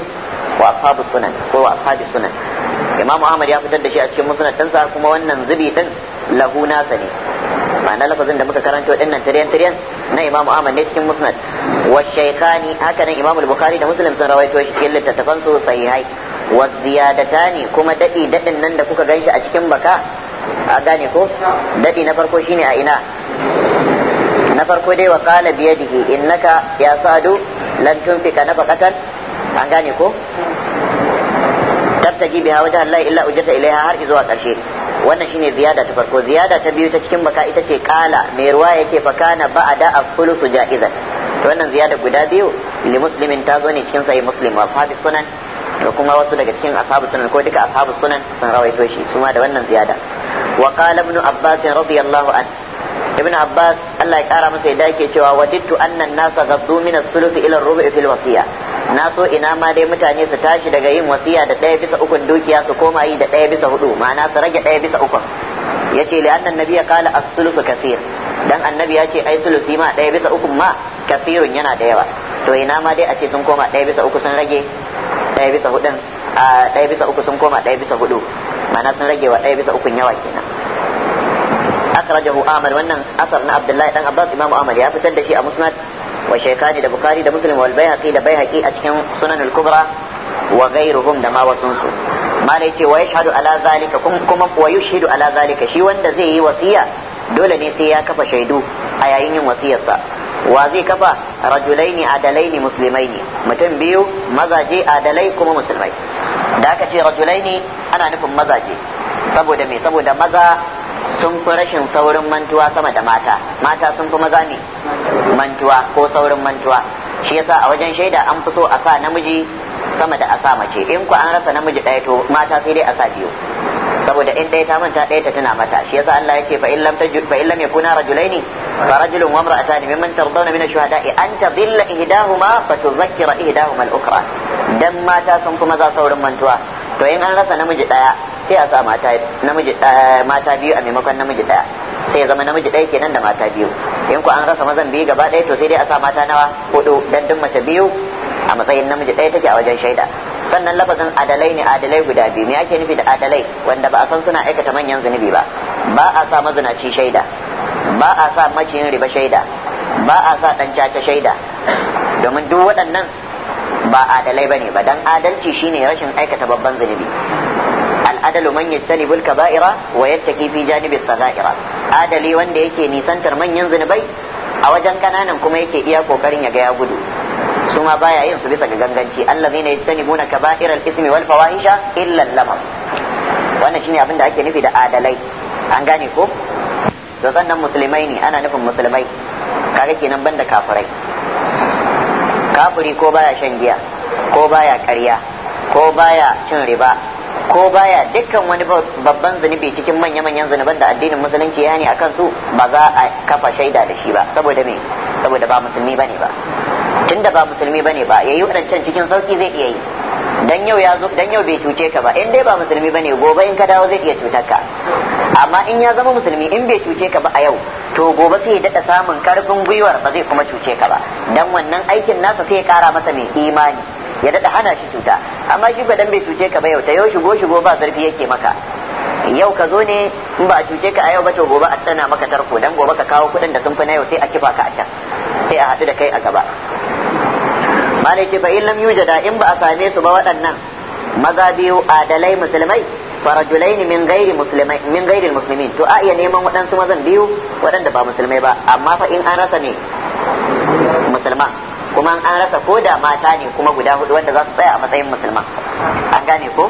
wa ashabu sunan ko wa ashabi sunan Imam Ahmad ya fitar da shi a cikin musnad kuma wannan zubi din lahu nasa ne ma'ana lafazin da muka karanto dinnan tiryan tiryan na imamu amal ne cikin musnad wa shaykhani haka nan imamu bukhari da muslim sun rawaito shi cikin littattafan su sahihai wa ziyadatani kuma dadi dadin nan da kuka ganshi a cikin baka a gane ko dadi na farko shine a ina na farko dai wa qala bi yadihi innaka ya sadu lan tunfika nafaqatan an gane ko tabtaji biha wajha Allah illa ujata ilaiha har zuwa karshe wannan shine ziyada ta farko ziyada ta biyu ta cikin baka ita ce kala mai ruwa yake fakana ba'da afulusu ja'izan to wannan ziyada guda biyu li muslimin ta zo ne cikin sahih muslim wa sahabi sunan da kuma wasu daga cikin ashabu sunan ko duka ashabu sunan sun rawaito shi su ma da wannan ziyada wa qala ibn abbas radiyallahu an ibn abbas Allah ya kara masa yadda yake cewa wadittu anna an-nasa ghaddu min as-sulusi ila ar-rubu'i fil wasiya na so ina ma dai mutane su tashi daga yin wasiya da ɗaya bisa ukun dukiya su koma yi da ɗaya bisa hudu ma'ana su rage ɗaya bisa ukun ce li annan nabiyya kala as-sulusu Kasir. dan annabi ya ce ai sulusi ma ɗaya bisa ukun ma kasirun yana da yawa to ina ma dai a ce sun koma ɗaya bisa uku sun rage ɗaya bisa hudun a ɗaya bisa uku sun koma ɗaya bisa hudu ma'ana sun rage wa ɗaya bisa ukun yawa kenan akhrajahu amal wannan asar na abdullahi dan abbas imamu amal ya fitar da shi a musnad wa shaykhani da bukhari da muslim wal baihaqi da baihaqi a cikin sunan al-kubra wa ghayruhum da ma wasun su malai ce wa yashhadu ala zalika kuma wa yushhidu ala zalika shi wanda zai yi wasiya dole ne sai ya kafa shaidu a yayin yin wasiyarsa wa zai kafa rajulaini adalaini muslimaini mutum biyu mazaje adalai kuma musulmai da aka ce rajulaini ana nufin mazaje saboda me saboda maza sun fi rashin saurin mantuwa sama da mata mata sun fi maza ne mantuwa ko saurin mantuwa shi yasa a wajen shaida an fi so a sa namiji sama da a sa mace in ku an rasa namiji ɗaya to mata sai dai a sa biyu saboda in ɗaya ta manta ɗaya ta tuna mata shi yasa Allah yake fa illam ta fa illam yakuna rajulaini fa rajulun wa imra'atan mimman tardawna min ash-shuhada'i an tadilla ihdahuma fa tudhakkira ihdahuma al-ukhra dan mata sun fi maza saurin mantuwa to in an rasa namiji ɗaya sai a sa eh, mata biyu a maimakon namiji daya sai ya zama namiji daya kenan da mata biyu in ku an rasa mazan biyu gaba daya to sai dai a sa mata nawa hudu dan duk mace biyu a matsayin namiji daya take a wajen shaida sannan lafazin adalai ne adalai guda biyu me ake nufi da adalai wanda ba a san suna aikata manyan zunubi ba ba a sa mazinaci shaida ba a sa maciyin riba shaida ba a sa dan caca shaida domin duk waɗannan ba adalai bane ba dan adalci shine rashin aikata babban zunubi al'adalu man bulka kaba'ira wa yattaki fi janibi saghaira adali wanda yake nisantar manyan zunubai a wajen kananan kuma yake iya kokarin ya ga ya gudu su ma baya yin su bisa ga ganganci allazina yajtanibuna al ismi wal fawahisha illa al-lamam wannan shine abin da ake nufi da adalai an gane ko to sannan musulmai ne ana nufin musulmai kaga kenan banda kafirai kafiri ko baya shan giya ko baya ƙarya ko baya cin riba ko baya dukkan wani babban zunubi cikin manya-manyan zunuban da addinin musulunci ya ne akan su ba za a kafa shaida da shi ba saboda me saboda ba musulmi bane ba tunda ba musulmi bane ba yayi wadancan cikin sauki zai iya yi dan yau ya zo dan yau bai cuce ka ba in dai ba musulmi bane gobe in ka dawo zai iya cutar ka amma in ya zama musulmi in bai cuce ka ba a yau to gobe sai ya dada samun karfin gwiwar ba zai kuma cuce ka ba dan wannan aikin nasa sai ya kara masa mai imani ya daɗa hana shi cuta amma shi kwaɗan bai cuce ka ba yau ta yau shigo shigo ba zarfi yake maka yau ka zo ne in ba a cuce ka a yau ba to gobe a tsana maka tarko dan gobe ka kawo kuɗin da sun fi na yau sai a kifa ka a can sai a haɗu da kai a gaba malai ce fa in lam yujada in ba a same su ba waɗannan maza biyu adalai musulmai farajulai min gairi min gairi musulmin to a iya neman waɗansu mazan biyu waɗanda ba musulmai ba amma fa in an rasa ne musulma kuma an rasa ko da mata ne kuma guda hudu wanda za su tsaya a matsayin musulman an gane ko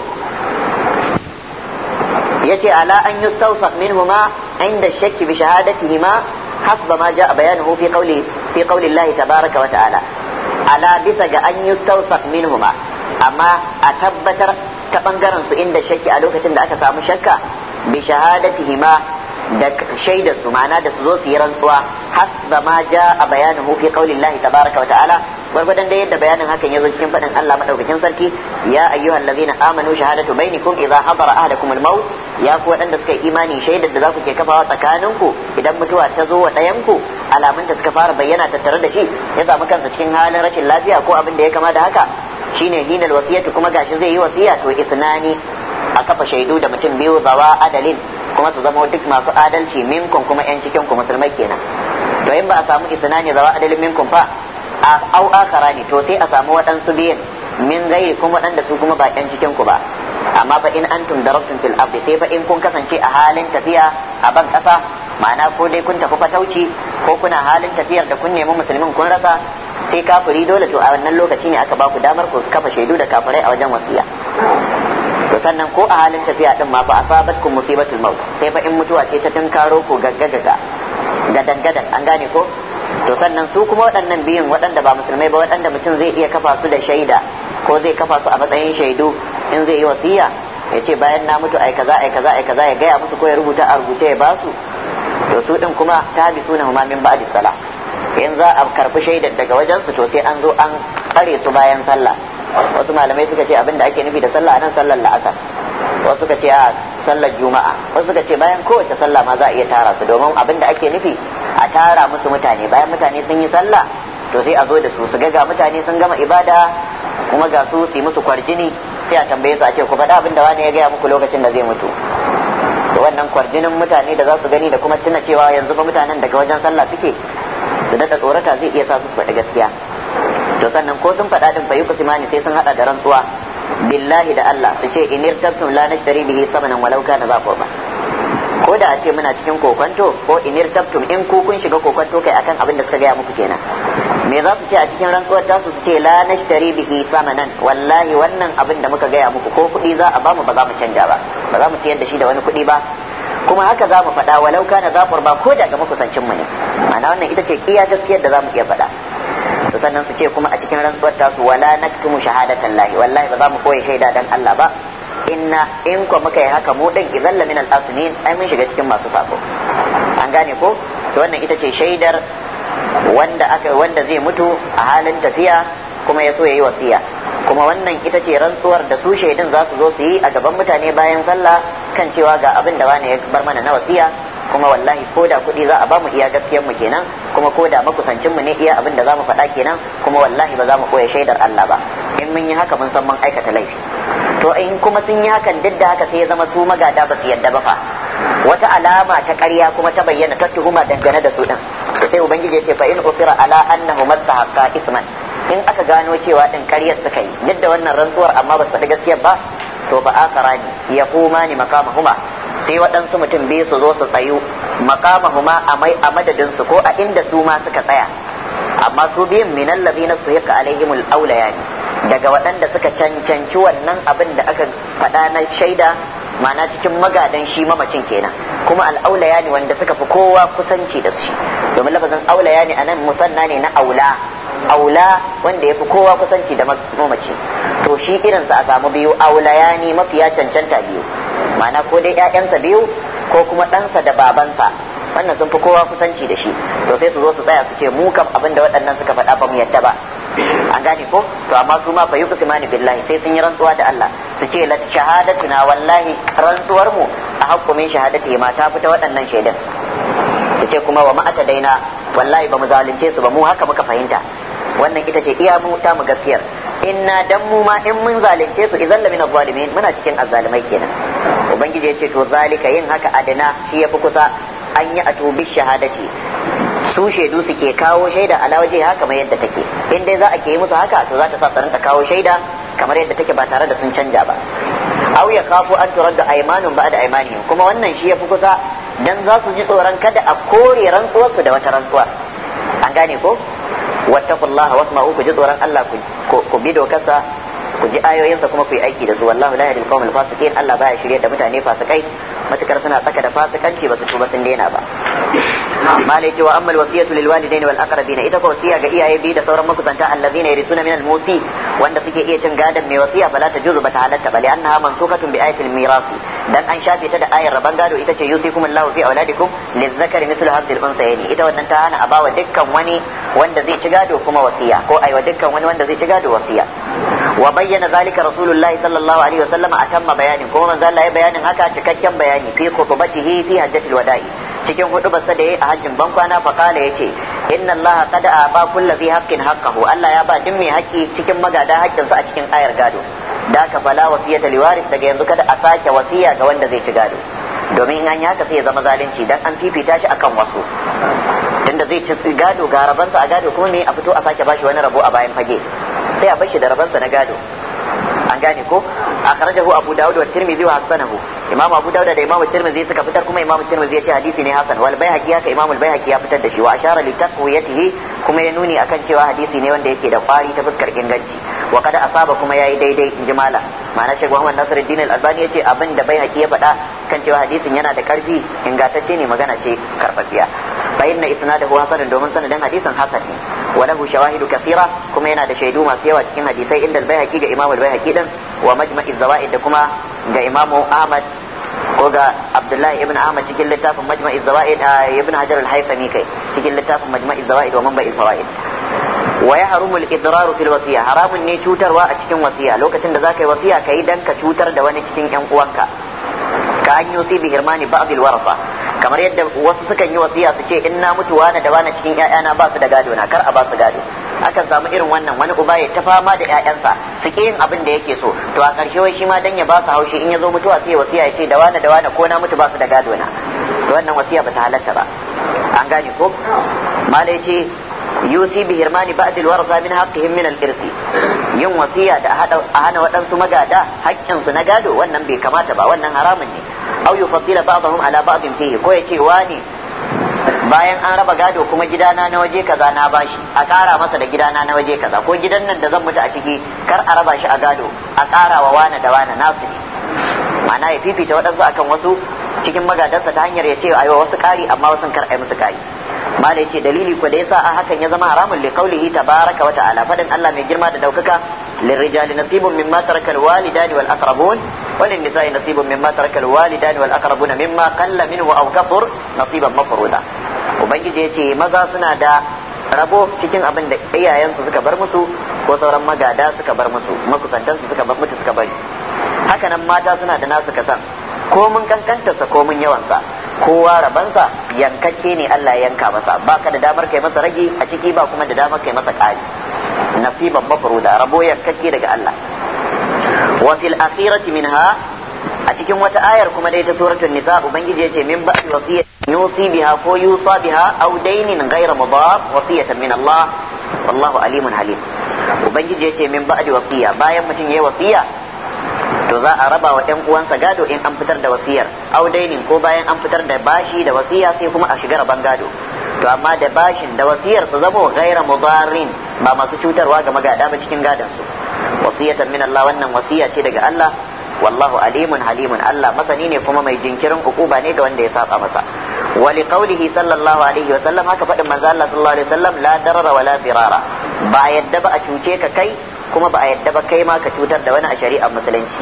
yace ala an min minhuma inda shakki bi shahadatihima hasba ma ja a fi qawli fi qawli Allah tabaaraka wa ta'ala ala bisa ga an min minhuma amma a tabbatar ta bangaren su inda shakki a lokacin da aka samu shakka bi shahadatihima da shaida su ma'ana da su zo su yi rantsuwa hasba ma ja a bayanin hufi qaulin lahi tabaraka wa ta'ala gwargwadon da yadda bayanin hakan ya zo cikin faɗin Allah madaukakin sarki ya hallazi ladzina amanu shahadatu bainakum idza hadara ahadakum al-maut ya ku waɗanda suka yi imani shaidar da za ku ke kafawa tsakaninku idan mutuwa ta zo wa ɗayanku alamun da suka fara bayyana tattare da shi ya samu kansa cikin halin rashin lafiya ko abin da ya kama da haka shine hinal wasiyatu kuma gashi zai yi wasiya to isnani a kafa shaidu da mutum biyu zawa adalin kuma su zama duk masu adalci minkum kuma yan cikin ku musulmai kenan to in ba a samu isnani zawa adalin minkum fa a au akara ne to sai a samu waɗansu biyan min gairi kuma waɗanda su kuma ba yan cikin ku ba amma fa in antum darabtum fil ardi sai fa in kun kasance a halin tafiya a ban kasa ma'ana ko dai kun tafi fatauci ko kuna halin tafiyar da kun nemi musulmin kun rasa sai kafiri dole to a wannan lokaci ne aka ba ku damar ku kafa shaidu da kafirai a wajen wasiya to sannan ko a halin tafiya din ma fa asabatkum musibatul maut sai fa in mutuwa ce ta tunkaro ko gaggagaga da gadan an gane ko to sannan su kuma waɗannan biyun waɗanda ba musulmai ba waɗanda mutum zai iya kafa su da shaida ko zai kafa su a matsayin shaidu in zai yi wasiya ya ce bayan na mutu ai kaza ai kaza ai kaza ya gaya musu ko ya rubuta a rubuce ya basu to su din kuma ta bi suna ma min ba'di sala in za a karfi shaidar daga wajen su to sai an zo an kare su bayan sallah wasu malamai suka ce abinda ake nufi da sallah anan sallar la'asar wasu suka ce a sallar juma'a wasu suka ce bayan kowace sallah ma za a iya tara su domin abinda ake nufi a tara musu mutane bayan mutane sun yi sallah to sai a zo da su su ga mutane sun gama ibada kuma ga su su musu kwarjini sai a tambaye su a ce ku faɗa abinda wani ya gaya muku lokacin da zai mutu to wannan kwarjinin mutane da za su gani da kuma tuna cewa yanzu ba mutanen daga wajen sallah suke su daɗa tsorata zai iya sa su su faɗi gaskiya to sannan ko sun faɗa din fa yuqsimani sai sun hada da rantsuwa billahi da Allah su ce in irtabtum la nashtari bihi samanan walau kana za qurba ko da a ce muna cikin kokonto ko in irtabtum in ku kun shiga kokonto kai akan abin da suka gaya muku kenan me za su ce a cikin rantsuwar tasu su ce la nashtari bihi samanan wallahi wannan abin da muka gaya muku ko kuɗi za a bamu ba za mu canja ba ba za mu siyar da shi da wani kuɗi ba kuma haka za mu faɗa walau kana za qurba ko da ga makusancin mu ne ma'ana wannan ita ce kiya gaskiyar da za mu iya faɗa to sannan su ce kuma a cikin rantsuwar tasu wala naktumu shahadatan lahi wallahi ba za mu koyi shaida dan Allah ba inna in ko muka yi haka mu din idan min al asmin ai mun shiga cikin masu sako an gane ko to wannan ita ce shaidar wanda aka wanda zai mutu a halin tafiya kuma ya so yayi wasiya kuma wannan ita ce rantsuwar da su shaidan za su zo su yi a gaban mutane bayan sallah kan cewa ga abin da wani ya bar mana na wasiya kuma wallahi ko da kuɗi za a ba mu iya gaskiyar mu kenan kuma ko da makusancin mu ne iya abin da za mu faɗa kenan kuma wallahi ba za mu koya shaidar Allah ba in mun yi haka mun san mun aikata laifi to in kuma sun yi hakan duk da haka sai ya zama su magada ba su yadda ba fa wata alama ta ƙarya kuma ta bayyana ta tuhuma dangane da su din to sai ubangiji ya ce fa in ufira ala annahu mastahaqqa isman in aka gano cewa din ƙaryar suka yi duk da wannan rantsuwar amma ba su faɗi gaskiyar ba to ba akara ne ya kuma ne makamahuma sai waɗansu mutum biyu su zo su tsayu makamahuma a madadin su ko a inda su ma suka tsaya amma su biyun minal ladina suhiqa alaihimul yani daga waɗanda suka cancanci wannan abin da aka faɗa na shaida ma'ana cikin magadan shi mamacin kenan kuma al'aulaya ne wanda suka fi kowa kusanci da shi domin lafazin aulaya ne anan musanna ne na aula aula wanda yafi kowa kusanci da mamaci to shi irinsa a samu biyu ya aula ni mafiya cancanta biyu mana ko dai ƴaƴansa biyu ko kuma ɗansa da babansa wannan sun fi kowa kusanci da shi to sai su zo su tsaya su ce mu kam abinda waɗannan suka faɗa ba mu yadda ba an gane ko to amma su ma fa yi kusimani billahi sai sun yi rantsuwa da Allah su ce la shahadatuna wallahi rantsuwar mu a hakku min shahadati ma ta fita waɗannan shaidan su ce kuma wa ma'ata daina wallahi ba mu zalunce su ba mu haka muka fahimta wannan ita ce iya mu ta mu gaskiyar inna dan ma in mun zalunce su idan lamina zalimin muna cikin azzalimai kenan ubangiji ya ce to zalika yin haka adana shi yafi kusa an yi atubi shahadati su shaidu suke kawo shaida ala waje haka kamar yadda take in dai za a ke yi musu haka to za ta sa su kawo shaida kamar yadda take ba tare da sun canja ba aw ya kafu an turadda aymanun ba'da aymanihim kuma wannan shi yafi kusa dan za su ji tsoron kada a kore rantsuwarsu da wata rantsuwa an gane ko wattaqullaha wasma'u ku ji tsoron Allah ku bi dokarsa ku ji ayoyinsa kuma ku yi aiki da su wallahu la yahdil qawmal fasiqin Allah baya shirye da mutane fasikai matukar suna tsaka da fasikanci ba su tuba sun daina ba malai cewa ammal wasiyatu lil walidaini wal aqrabina ita ko wasiya ga iyaye biyu da sauran makusanta allazina yarisuna min al musi wanda suke iya cin gadan mai wasiya fala tajuzu bata halatta bali annaha mansukatun bi ayatil miras dan an shafe ta da ayar raban gado ita ce yusikumullahu fi auladikum lizzakari mithlu hadhil unsayni ita wannan ta hana abawa dukkan wani wanda zai ci gado kuma wasiya ko aiwa dukkan wani wanda zai ci gado wasiya wa bayyana zalika rasulullahi sallallahu alaihi wasallam tamma bayanin kuma manzo Allah ya bayanin haka cikakken bayani fi khutbatihi fi hajjatil wada'i cikin hudubarsa da yayi a hajjin bankwana fa ya yace inna Allah qad aba kullu fi haqqin haqqahu Allah ya ba duk mai haƙƙi cikin magada haƙƙinsa a cikin ayar gado da ka fala wasiyata liwaris daga yanzu kada a sake wasiya ga wanda zai ci gado domin an yi haka sai ya zama zalunci dan an fifita shi akan wasu tunda zai ci gado ga rabansa a gado kuma ne a fito a sake bashi wani rabo a bayan fage sai a bashi da rabansa na gado gane ko akhrajahu abu daud wa tirmidhi wa hasanahu imam abu dauda da imam tirmidhi suka fitar kuma imam tirmidhi ya ce hadisi ne hasan wal baihaqi haka imam al baihaqi ya fitar da shi wa ashara li taqwiyatihi kuma ya nuni akan cewa hadisi ne wanda yake da kwari ta fuskar inganci wa kada asaba kuma yayi daidai inji mala ma'ana shek Muhammad Nasiruddin Al-Albani yace abin da baihaqi ya faɗa kan cewa hadisin yana da karfi ingantacce ne magana ce karfafiya fa inna isnadahu hasanun domin sanadin hadisin hasan ne wa lahu shawahidu kathira kuma yana da shaidu masu yawa cikin hadisai inda al-baihaqi ga imam al-baihaqi din wa majma'i zawaid da kuma ga imamu ahmad ko ga abdullahi ibn ahmad cikin littafin majma'i zawaid a ibn hajar al-haythami kai cikin littafin majma'i zawaid wa manba'i fawaid wa yahrumu al-idrar fil wasiya haramun ne cutarwa a cikin wasiya lokacin da zaka yi wasiya kai dan ka cutar da wani cikin yan uwanka ka an yusi bi hirmani ba'd al-warasa kamar yadda wasu sukan yi wasiya su ce in na mutu wani da wani cikin ƴaƴana ba su da gado na kar a ba su gado akan samu irin wannan wani uba ya ta fama da ƴaƴansa su yin abin da yake so to a ƙarshe wai shi ma dan ya ba su haushi in ya zo mutuwa sai wasiya ya ce da wani da wani ko na mutu ba su da gado na wannan wasiya ba ta halatta ba an gane ko malai ce yusi bi hirmani ba'd al warza min haqqihim min al irsi yin wasiya da a hana waɗansu magada haƙƙinsu na gado wannan bai kamata ba wannan haramun ne aw yufaddila ba'dahum ala ba'din fiye ko ya yace wani bayan an raba gado kuma gidana na waje kaza na bashi a kara masa da gidana na waje kaza ko gidan nan da zan mutu a ciki kar a raba shi a gado a karawa wa wana da wana nasu ne ma'ana ya fifita waɗansu akan wasu cikin magadansa ta hanyar ya ce a wa wasu kari amma wasu kar a yi musu kari mala ce dalili ko da yasa a hakan ya zama haramun li qawlihi tabaraka wa ta'ala fadin Allah mai girma da daukaka للرجال نصيب مما ترك الوالدان nasibun mimma taraka al ترك wal aqrabun mimma qalla minhu aw kathur nasiban mafruda ubangiji ya ce maza suna da rabo cikin abin da iyayensu suka bar musu ko sauran magada suka bar musu makusantansu suka bar mutu suka bari hakanan mata suna da nasu kasan ko mun kankantarsa ko mun yawansa kowa rabansa yankake ne Allah ya yanka masa baka da damar kai masa ragi a ciki ba kuma da damar kai masa ƙari nasiban mafruda rabo yankake daga Allah wa fil akhirati minha a cikin wata ayar kuma dai ta suratul nisa ubangiji yace min ba wasiyya yusi biha ko yusa biha aw daynin ghayra mudab wasiyatan min Allah wallahu alimun halim ubangiji yace min ba'di wasiyya bayan mutum yayi wasiyya za a raba wa ƴan uwansa gado in an fitar da wasiyar audainin ko bayan an fitar da bashi da wasiya sai kuma a shiga raban gado to amma da bashin da wasiyar su zama gaira mudarrin ba masu cutarwa ga magada ba cikin gadon su wasiyatan min Allah wannan wasiya ce daga Allah wallahu alimun halimun Allah masani ne kuma mai jinkirin ukuba ne ga wanda ya saba masa wa li qawlihi sallallahu alaihi wa sallam haka fadin manzo Allah sallallahu alaihi wa sallam la darara wa la zirara ba yadda ba a cuce ka kai kuma ba a yadda ba kai ma ka cutar da wani a shari'ar musulunci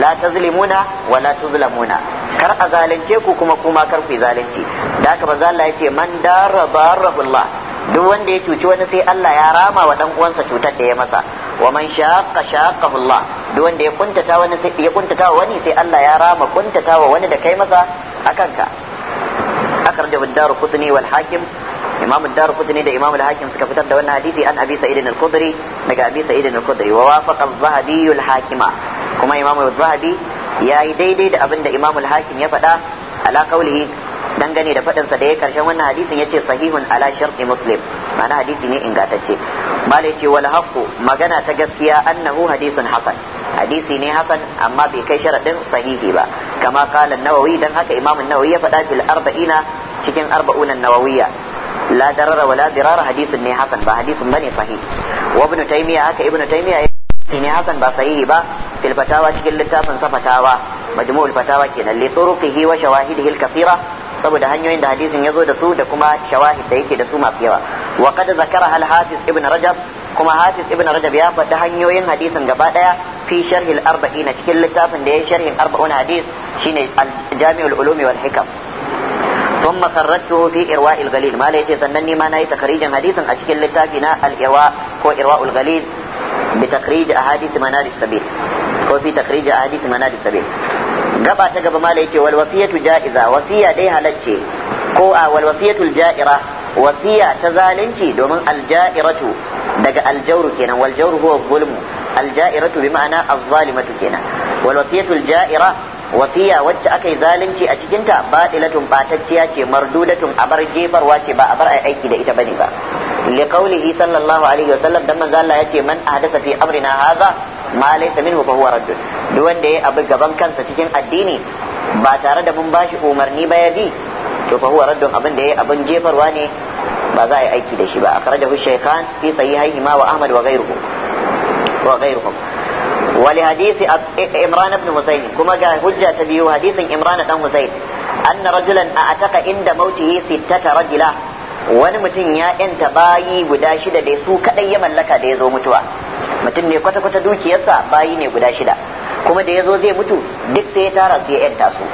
la tazlimuna wa la tuzlamuna kar a zalunce ku kuma kuma kar ku zalunci da haka manzo Allah yace man dara barabullah duk wanda ya cuci wani sai Allah ya rama wa dan uwansa cutar da ya masa wa man shaqqa shaqqahu duk wanda ya kuntata wani sai ya kuntata wani sai Allah ya rama kuntata wa wani da kai masa akan ka akhrajahu ad-daru qutni wal hakim imam ad-darqutni da imam al-hakim suka fitar da wannan hadisi an abi sa'id al-khudri daga abi sa'id al-khudri wa wafaqa az-zahabi al-hakima kuma imam az-zahabi yayi daidai da abinda imam al-hakim ya faɗa ala qawlihi dangane da faɗin sa da ya karshen wannan hadisin yace sahihun ala sharti muslim ma'ana hadisi ne ingantacce mala yace wal haqqu magana ta gaskiya annahu hadisun hasan hadisi ne hasan amma bai kai sharadin sahihi ba kama qala nawawi dan haka imam nawawi ya faɗa fil arba'ina cikin arba'unan nawawiyya la darara wala dirara hadisin ne hasan ba hadisin bane sahih wa ibn taymiya haka ibn taymiya ne hasan ba sahihi ba fil fatawa cikin littafin safatawa fatawa majmu'ul fatawa kenan li turuqihi wa shawahidi al kathira saboda hanyoyin da hadisin yazo da su da kuma shawahid da yake da su masu yawa wa qad zakara al hafiz ibn rajab kuma hafiz ibn rajab ya faɗi hanyoyin hadisin gaba daya fi sharhil arba'ina cikin littafin da ya sharhin arba'un hadis shine Aljami'ul jami'ul ulumi wal hikam ثم خرجته في إرواء الغليل ما ليتي سنني ما ناي تخريجا حديثا أشكل لتافنا الإرواء هو إرواء الغليل بتخريج أحاديث منار السبيل هو في تخريج أحاديث منار السبيل gaba ta gaba mala yace wal wasiyatu ja'iza wasiya dai halacce ko a wal wasiyatul ja'ira wasiya ta zalunci domin al ja'iratu daga al kenan wal jawru bi ma'ana az kenan wal wasiyatul wasiya wacce aka yi zalunci a cikinta batilatun batacciya ce mardudatun abar jefarwa ce ba a bar aiki da ita bane ba li qawlihi sallallahu alaihi wa sallam dan manzo Allah yace man ahdatha fi amrina hadha ma laysa minhu fa huwa radd duk wanda ya abu gaban kansa cikin addini ba tare da mun bashi umarni ba ya bi to fa huwa raddun abin da yayi abin jefarwa ne ba za a yi aiki da shi ba akhrajahu shaykhan fi sahihayhima wa ahmad wa ghayruhu wa ghayruhum ولحديث عمران بن حسين كما جاء حجة تبيه حديث عمران بن حسين أن رجلا أعتق عند موته ستة رجلا wani mutum ya yanta bayi guda shida da su kadai ya mallaka da ya zo mutuwa mutum ne kwata-kwata dukiyarsa bayi ne guda shida kuma da ya zo zai mutu duk sai ya tara su ya yanta su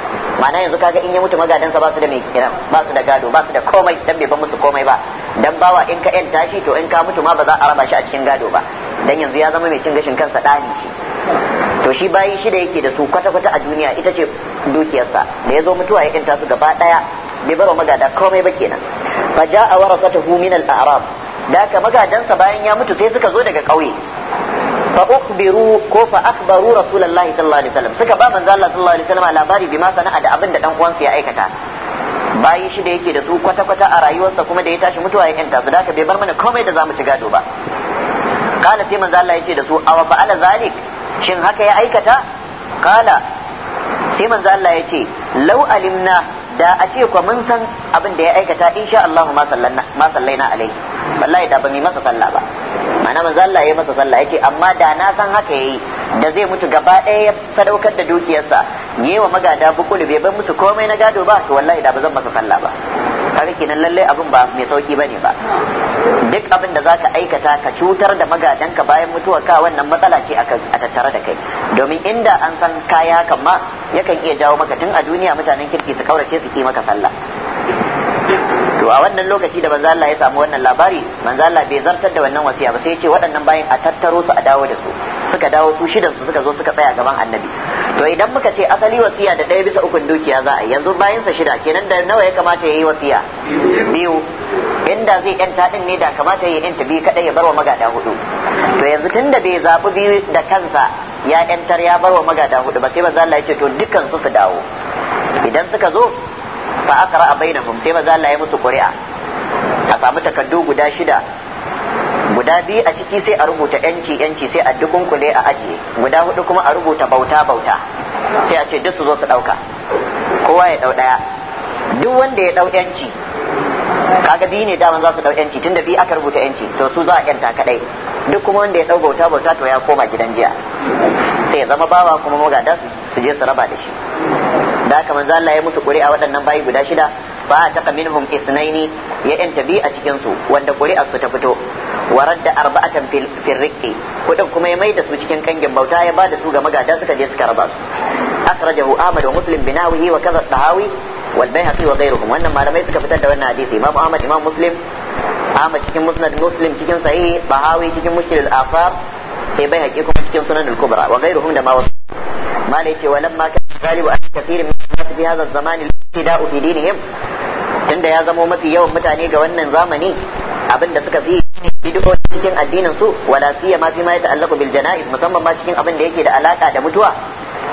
ma'ana yanzu kaga in ya mutu magadansa ba su da mai kiran ba su da gado ba su da komai dan bai ba musu komai ba dan bawa in ka yanta shi to in ka mutu ma ba za a raba shi a cikin gado ba dan yanzu ya zama mai cin gashin kansa dani shi to shi bayi shida yake da su kwata-kwata a duniya ita ce dukiyarsa da ya zo mutuwa ya inta su gaba daya bai bar magada komai ba kenan fa ja'a warasatuhu min al-a'rab da ka magadansa bayan ya mutu sai suka zo daga ƙauye fa ukhbiru ko fa akhbaru rasulullahi sallallahu alaihi wasallam suka ba manzo Allah sallallahu alaihi wasallam labari bima sana'a da abin da dan uwansa ya aikata bayi shi da yake da su kwata-kwata a rayuwarsa kuma da ya tashi mutuwa ya inta su da bai bar mana komai da zamu ci gado ba kana sai manzo Allah ya ce da su awa fa'ala zalik shin haka ya aikata kala sai manzo Allah ya ce lau alimna da a ce kwa mun san abin da ya aikata insha Allah ma sallaina alai wallahi da ba mu masa sallah ba ma'ana manzo Allah ya masa sallah yace amma da na san haka yayi da zai mutu gaba ɗaya ya sadaukar da dukiyarsa yayi wa magada bukulu bai bar musu komai na gado ba to wallahi da ba zan masa sallah ba kaga kenan lallai abin ba mai sauki bane ba duk abin da zaka aikata ka cutar da magadanka bayan mutuwa ka wannan matsala ce a tattare da kai domin inda an san kaya hakan ma yakan iya jawo maka tun a duniya mutanen kirki su kaurace su ki maka sallah to a wannan lokaci da manzo Allah ya samu wannan labari manzo Allah bai zartar da wannan wasiya ba sai ya ce waɗannan bayan a tattaro su a dawo da su suka dawo su shidan su suka zo suka tsaya gaban annabi to idan muka ce asali wasiya da ɗaya bisa ukun dukiya za a yanzu bayan sa shida kenan da nawa ya kamata ya yi wasiya biyu inda zai yanta din ne da kamata ya yi ta biyu kadai ya barwa magada hudu to yanzu tunda bai zabi biyu da kansa ya yantar ya barwa magada hudu ba sai manzo Allah ya ce to dukkan su su dawo idan suka zo fa aka aqra bainahum sai maza Allah ya musu ƙuri'a a samu takaddu guda shida guda biyu a ciki sai a rubuta yanci yanci sai a kule a ajiye guda hudu kuma a rubuta bauta bauta sai a ce duk su zo su dauka kowa ya dau daya duk wanda ya dau yanci kaga biyu ne daman za su dau yanci tunda biyu aka rubuta yanci to su za a yanta kadai duk kuma wanda ya dau bauta bauta to ya koma gidan jiya sai ya zama bawa kuma magada su je su raba da shi da haka manzo Allah ya musu ƙuri'a waɗannan bayi guda shida ba a taqa minhum ithnaini ya yanta bi a cikin su wanda ƙuri'a su ta fito wa radda arba'atan fil riqqi kudin kuma ya maida su cikin kangin bauta ya bada su ga magada suka je suka raba su akhrajahu Ahmad wa Muslim binawihi wa kaza Tahawi wal Baihaqi wa ghayruhum wannan malamai suka fitar da wannan hadisi Imam Ahmad Imam Muslim Ahmad cikin Musnad Muslim cikin Sahih Tahawi cikin Mushkil al-Afar sai Baihaqi kuma cikin Sunan al-Kubra wa ghayruhum da ma wasu malai ce wa lamma kana galibu an kafirin nas bi hadha zamani lida'u fi dinihim tunda ya zamo mafi yawan mutane ga wannan zamani da suka fi bid'o cikin addinin su wala siyama fi ma yata'allaqu bil jana'iz musamman ma cikin abin da yake da alaka da mutuwa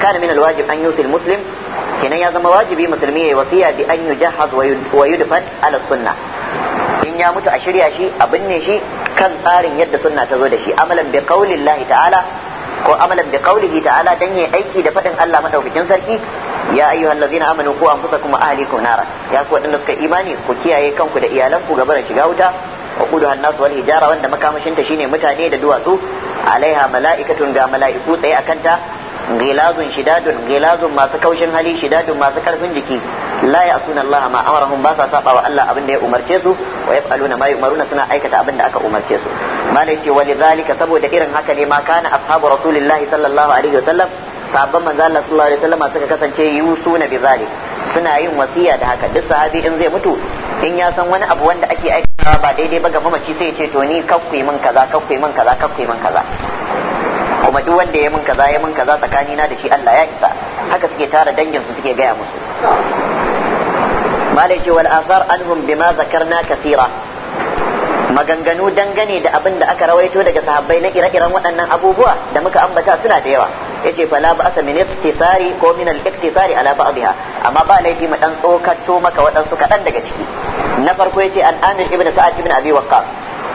kana min al wajib an yusil muslim kenan ya zama wajibi musulmi yayi wasiya bi an yujahhaz wa yudfan ala sunna in ya mutu a shirya shi a binne shi kan tsarin yadda sunna ta zo da shi amalan bi qaulillahi ta'ala ko amalan bi qaulihi ta'ala dan yayi aiki da fadin Allah madaukakin sarki ya ayyuha allazina amanu ku anfusakum wa ahlikum nara ya ku wadanda suka imani ku kiyaye kanku da iyalanku gaba da shiga wuta wa quduha an wal hijara wanda makamashin ta shine mutane da duwatsu alaiha mala'ikatun ga mala'iku tsaye akan ta gilazun shidadun gilazun masu kaushin hali shidadun masu karfin jiki la ya'suna Allah ma amarahum ba sa saba wa Allah abin da ya umarce su wa yaf'aluna ma yu'maruna suna aikata abin da aka umarce su malai ce walidhalika saboda irin haka ne ma kana ashabu rasulillahi sallallahu alaihi wasallam sabon manzo Allah sallallahu alaihi wasallam suka kasance yusuna bi zalik suna yin wasiya da haka duk sahabi in zai mutu in ya san wani abu wanda ake aikawa ba daidai ba ga mamaci sai ya ce to ni kakkui min kaza kakkui min kaza kakkui min kaza kuma duk wanda ya min kaza ya min kaza tsakani na da shi Allah ya isa haka suke tara dangin su suke gaya musu malai ce wal asar anhum bima zakarna kathira maganganu dangane da abin da aka rawaito daga sahabbai na ire-iren waɗannan abubuwa da muka ambata suna da yawa yace fala ba asa min iktisari ko min al-iktisari ala ba'dha amma ba laifi mu dan tsokato maka waɗansu kaɗan daga ciki na farko yace an Amir ibn Sa'ad ibn Abi Waqqas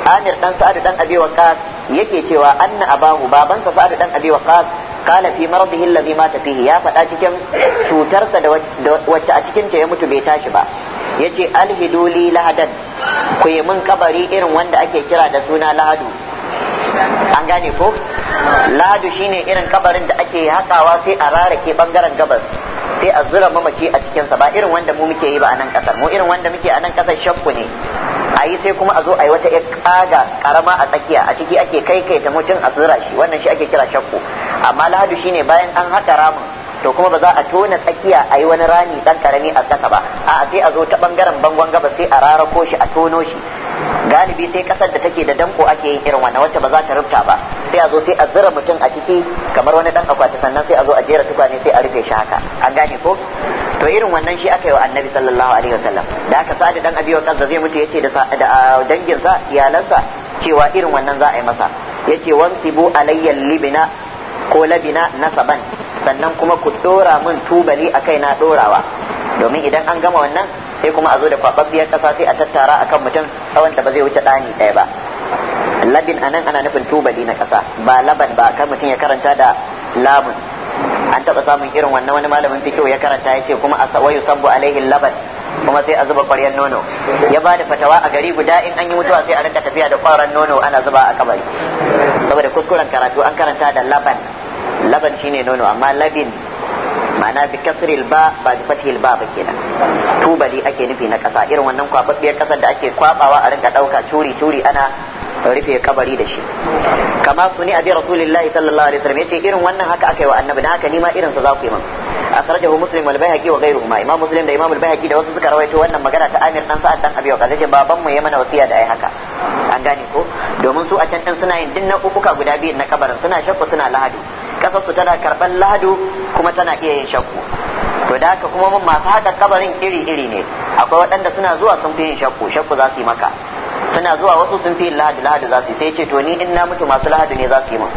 Amir dan Sa'ad dan Abi Waqqas yake cewa anna abahu babansa Sa'ad dan Abi Waqqas qala fi maradihi alladhi mata fihi ya faɗa cikin cutarsa da wacce a cikin ta ya mutu bai tashi ba yace alhiduli lahadan ku yi mun kabari irin wanda ake kira da suna lahadu an gane ko lahadu shine irin kabarin da ake hakawa sai a rarake bangaren gabas sai a zura mamaci a cikinsa ba irin wanda mu muke yi ba a nan kasar mu irin wanda muke a nan kasar shakku ne ayi sai kuma a zo a yi wata ƙaga karama a tsakiya a ciki ake kai kai ta mutum a zura shi wannan shi ake kira shakku amma lahadu shine bayan an haka ramin to kuma ba za a tona tsakiya a yi wani rami dan karami a saka ba a sai a zo ta bangaren bangon gaba sai a rarako shi a tono shi galibi sai kasar da take da danko ake yin irin wannan wacce ba za ta rufta ba sai a zo sai a zura mutum a ciki kamar wani dan akwati sannan sai a zo a jera tukwane sai a rufe shi haka an gane ko to irin wannan shi aka yi wa annabi sallallahu alaihi wasallam da aka sa da dan abiyo kansa zai mutu yace da danginsa iyalansa cewa irin wannan za a yi masa yace wansibu alayyal Libina. ko labina na saban sannan kuma ku dora min tubali a kai na dorawa domin idan an gama wannan sai kuma a zo da kwababbiyar kasa sai a tattara akan mutum tsawon da ba zai wuce ɗani ɗaya ba labin anan ana nufin tubali na kasa ba laban ba kan mutum ya karanta da lamun an taba samun irin wannan wani malamin fikiyo ya karanta ya ce kuma a sawayu a alaihi laban kuma sai a zuba kwaryar nono ya ba da fatawa a gari guda in an yi mutuwa sai a rinka tafiya da kwaran nono ana zuba a kabari saboda kuskuren karatu an karanta da laban laban shine nono amma labin ma'ana bi kasril ba ba bi fathil ba ba kenan tubali ake nufi na kasa irin wannan kwababbiyar kasar da ake kwabawa a rinka dauka curi curi ana rufe kabari da shi kama su ne abi rasulillahi sallallahu alaihi wasallam yace irin wannan haka aka yi wa annabi na haka nima irin sa za ku yi min akhrajahu muslim wal bayhaqi wa ma. imam muslim da imam al bayhaqi da wasu suka rawaito wannan magana ta amir dan sa'ad dan abi wa kaza baban mu ya mana wasiya da ai haka an gane ko domin su a can din suna yin din na kuka guda biyu na kabarin suna shakku suna lahadu kasar su tana karban lahadu kuma tana iya yin shakku to da haka kuma mun masu haka kabarin iri iri ne akwai waɗanda suna zuwa sun fi yin shakku shakku za su yi maka suna zuwa wasu sun fi lahadi lahadi za su yi sai ce to ni in na mutu masu lahadi ne za su yi min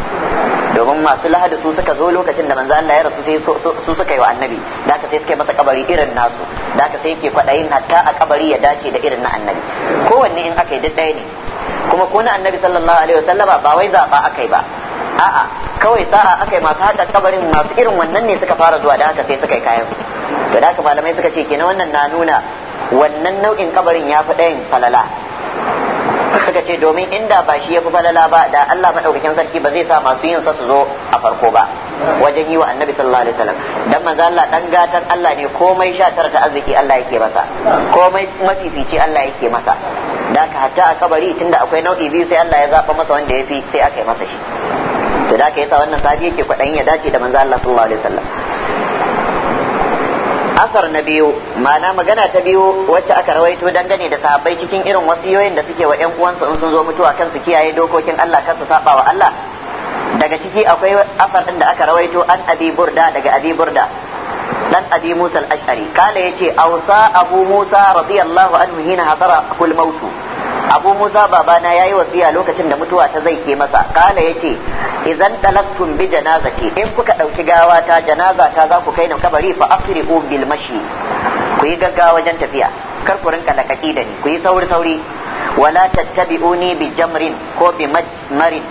domin masu lahadi su suka zo lokacin da manzo Allah ya rasu sai su suka yi wa annabi da haka sai suka yi masa kabari irin nasu da haka sai yake kwaɗayin hatta a kabari ya dace da irin na annabi kowanne in aka yi duk ɗaya ne kuma ko na annabi sallallahu alaihi wasallama ba wai zaɓa aka yi ba a'a kawai sa'a aka yi masu haɗa kabarin masu irin wannan ne suka fara zuwa da haka sai suka yi kayan to da haka malamai suka ce kenan wannan na nuna wannan nau'in kabarin ya fi ɗayan falala suka ce domin inda ba shi ya fi falala ba da Allah madaukakin sarki ba zai sa masu yin sa su zo a farko ba wajen yi wa annabi sallallahu alaihi wasallam dan manzo Allah dan gatan Allah ne komai sha tara ta arziki Allah yake masa komai mafifici Allah yake masa da ka hatta a kabari tunda akwai nau'i biyu sai Allah ya zaba masa wanda ya fi sai aka yi masa shi to da ka yasa wannan sahabi yake kwaɗayin ya dace da manzo Allah sallallahu alaihi wasallam asar na biyu ma'ana magana ta biyu wacce aka rawaito dangane da sahabbai cikin irin wasiyoyin da suke wa ƴan uwansu in sun zo mutuwa kan su kiyaye dokokin Allah kan su saba wa Allah daga ciki akwai asar din da aka rawaito an abi burda daga abi burda dan abi musa al-ash'ari kala yace awsa abu musa radiyallahu anhu hina hadara kul mautu abu musa babana ya yayi wasiya lokacin da mutuwa ta zai ke masa kala ce idan talaqtum bi janazati in kuka dauki gawa ta janaza ta za ku kai na kabari fa asriqu bil mashi ku yi gaggawa wajen tafiya kar ku rinka lakaki da ni ku yi sauri sauri wala tattabi'uni bi jamrin ko bi marin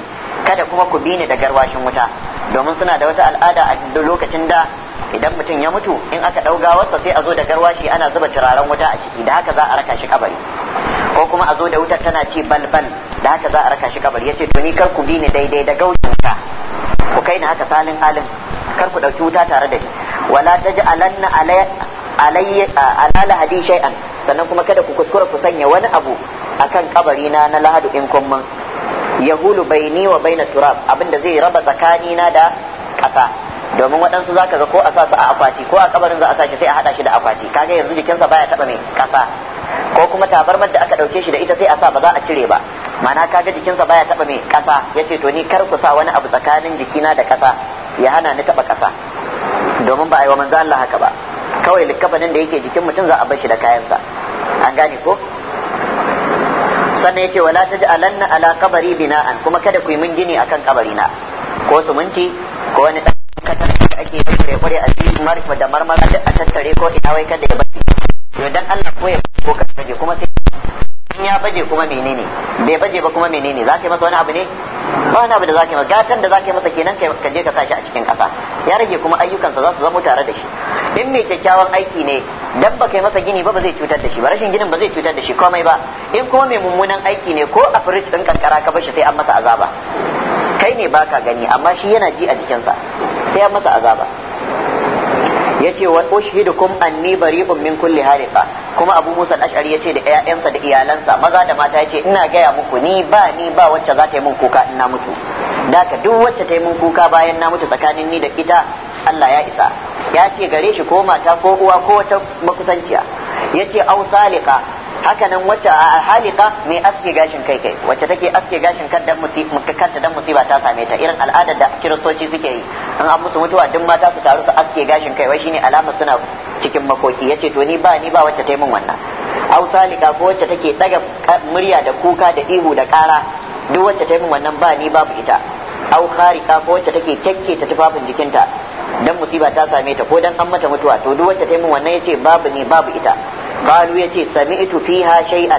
kada kuma ku bi ni da garwashin wuta domin suna da wata al'ada a lokacin da idan mutum ya mutu in aka ɗau wasa sai a zo da garwashi ana zuba turaren wuta a ciki da haka za a raka shi kabari ko kuma a zo da wutar tana ci balbal da haka za a raka shi kabari yace to ni kar ku bi ni daidai da gaushin ka ku kai ni haka salin alim kar ku ɗauki wuta tare da ni wala taj'alanna alayya alayya ala lahadi shay'an sannan kuma kada ku kuskura ku sanya wani abu akan kabari na na lahadu in kun man yahulu baini wa baina turab abinda zai raba tsakani na da kasa domin waɗansu za ka ga ko a sa su a akwati ko a kabarin za a sa shi sai a haɗa shi da akwati kaga yanzu jikinsa baya taɓa mai ƙasa ko kuma tabarmar da aka ɗauke shi da ita sai a sa ba za a cire ba mana kaga jikinsa baya taɓa mai ƙasa ya ce to ni kar ku sa wani abu tsakanin jikina da ƙasa ya hana ni taɓa ƙasa domin ba a yi wa manzo Allah haka ba kawai likkafanin da yake jikin mutum za a bar shi da kayansa an gane ko sannan yace wala taj'alanna ala qabri bina'an kuma kada ku yi min gini akan kabarina ko suminti ko wani ma'aikatar da ake yi da kware a cikin marifa da marmara da a tattare ko ina wai kada ya bari yau dan Allah ko ya ko ka kuma sai in ya baje kuma menene bai baje ba kuma menene za ka yi masa wani abu ne ba wani abu da za ka yi masa gatan da za ka yi masa kenan ka kaje ka sa a cikin kasa ya rage kuma ayyukansa za su zamo tare da shi in mai kyakkyawan aiki ne dan ba kai masa gini ba ba zai cutar da shi ba rashin ginin ba zai cutar da shi komai ba in kuma mai mummunan aiki ne ko a firij din kankara ka bashi sai an masa azaba kai ne baka gani amma shi yana ji a jikinsa sai an masa azaba yace wa ushidukum anni bari'un min kulli harifa kuma Abu Musa al-Ash'ari yace da ƴaƴansa da iyalansa maza da mata yace ina gaya muku ni ba ni ba wacce za ta yi min kuka in na mutu daka duk wacce ta yi min kuka bayan na mutu tsakanin ni da ita Allah ya isa yace ce gare shi ko mata ko uwa ko wata makusanciya yace au salika haka nan wacce alhalika mai aske gashin kai kai wacce take aske gashin kan dan musiba kanta dan musiba ta same ta irin al'adar da kiristoci suke yi an an musu mutuwa duk mata su taru su aske gashin kai wai shine alama suna cikin makoki yace to ni ba ni ba wacce ta yi min wannan au salika ko wacce take daga murya da kuka da ihu da kara duk wacce ta yi min wannan ba ni babu ita aw kharika ko wacce take kekke ta tufafin jikinta dan musiba ta same ta ko dan an mata mutuwa to duk wacce ta yi min wannan yace babu ni babu ita قالوا yace سمعت فيها شيئا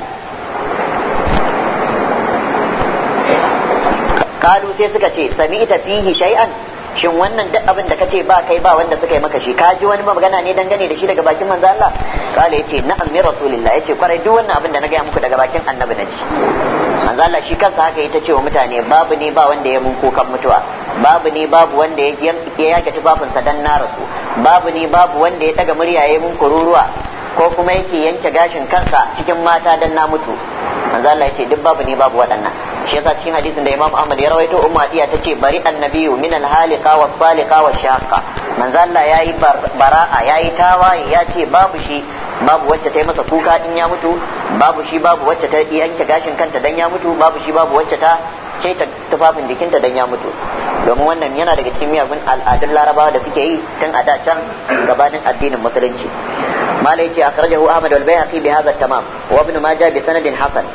قالوا sai suka ce sami'ta fihi shay'an shin wannan duk abin da kace ba kai ba wanda suka yi maka shi ka ji wani magana ne dangane da shi daga bakin manzo Allah kala yace na'am min rasulullah yace kwarai duk wannan abin da na gaya muku daga bakin annabi na ji manzo Allah shi kansa haka yace cewa mutane babu ne ba wanda ya mun kukan mutuwa babu ne babu wanda ya yake sa dan na rasu babu ne babu wanda ya daga murya ya mun kururuwa ko kuma yake yanke gashin kansa cikin mata dan na mutu manzo Allah yake duk babu ni babu waɗannan shi yasa cikin hadisin da Imam Ahmad ya rawaito Umma Atiya tace bari annabiyyu min al-halika was salika was shaqqa manzo Allah yayi bara'a yayi tawaye yace babu shi babu wacce ta yi masa kuka in ya mutu babu shi babu wacce ta yanke gashin kanta dan ya mutu babu shi babu wacce ta ta tufafin jikinta dan ya mutu domin wannan yana daga cikin miyagun al'adun larabawa da suke yi tun a da can gabanin addinin musulunci malai ce akhrajahu ahmad wal bayhaqi bi hadha tamam wa ibn majah bi sanadin hasan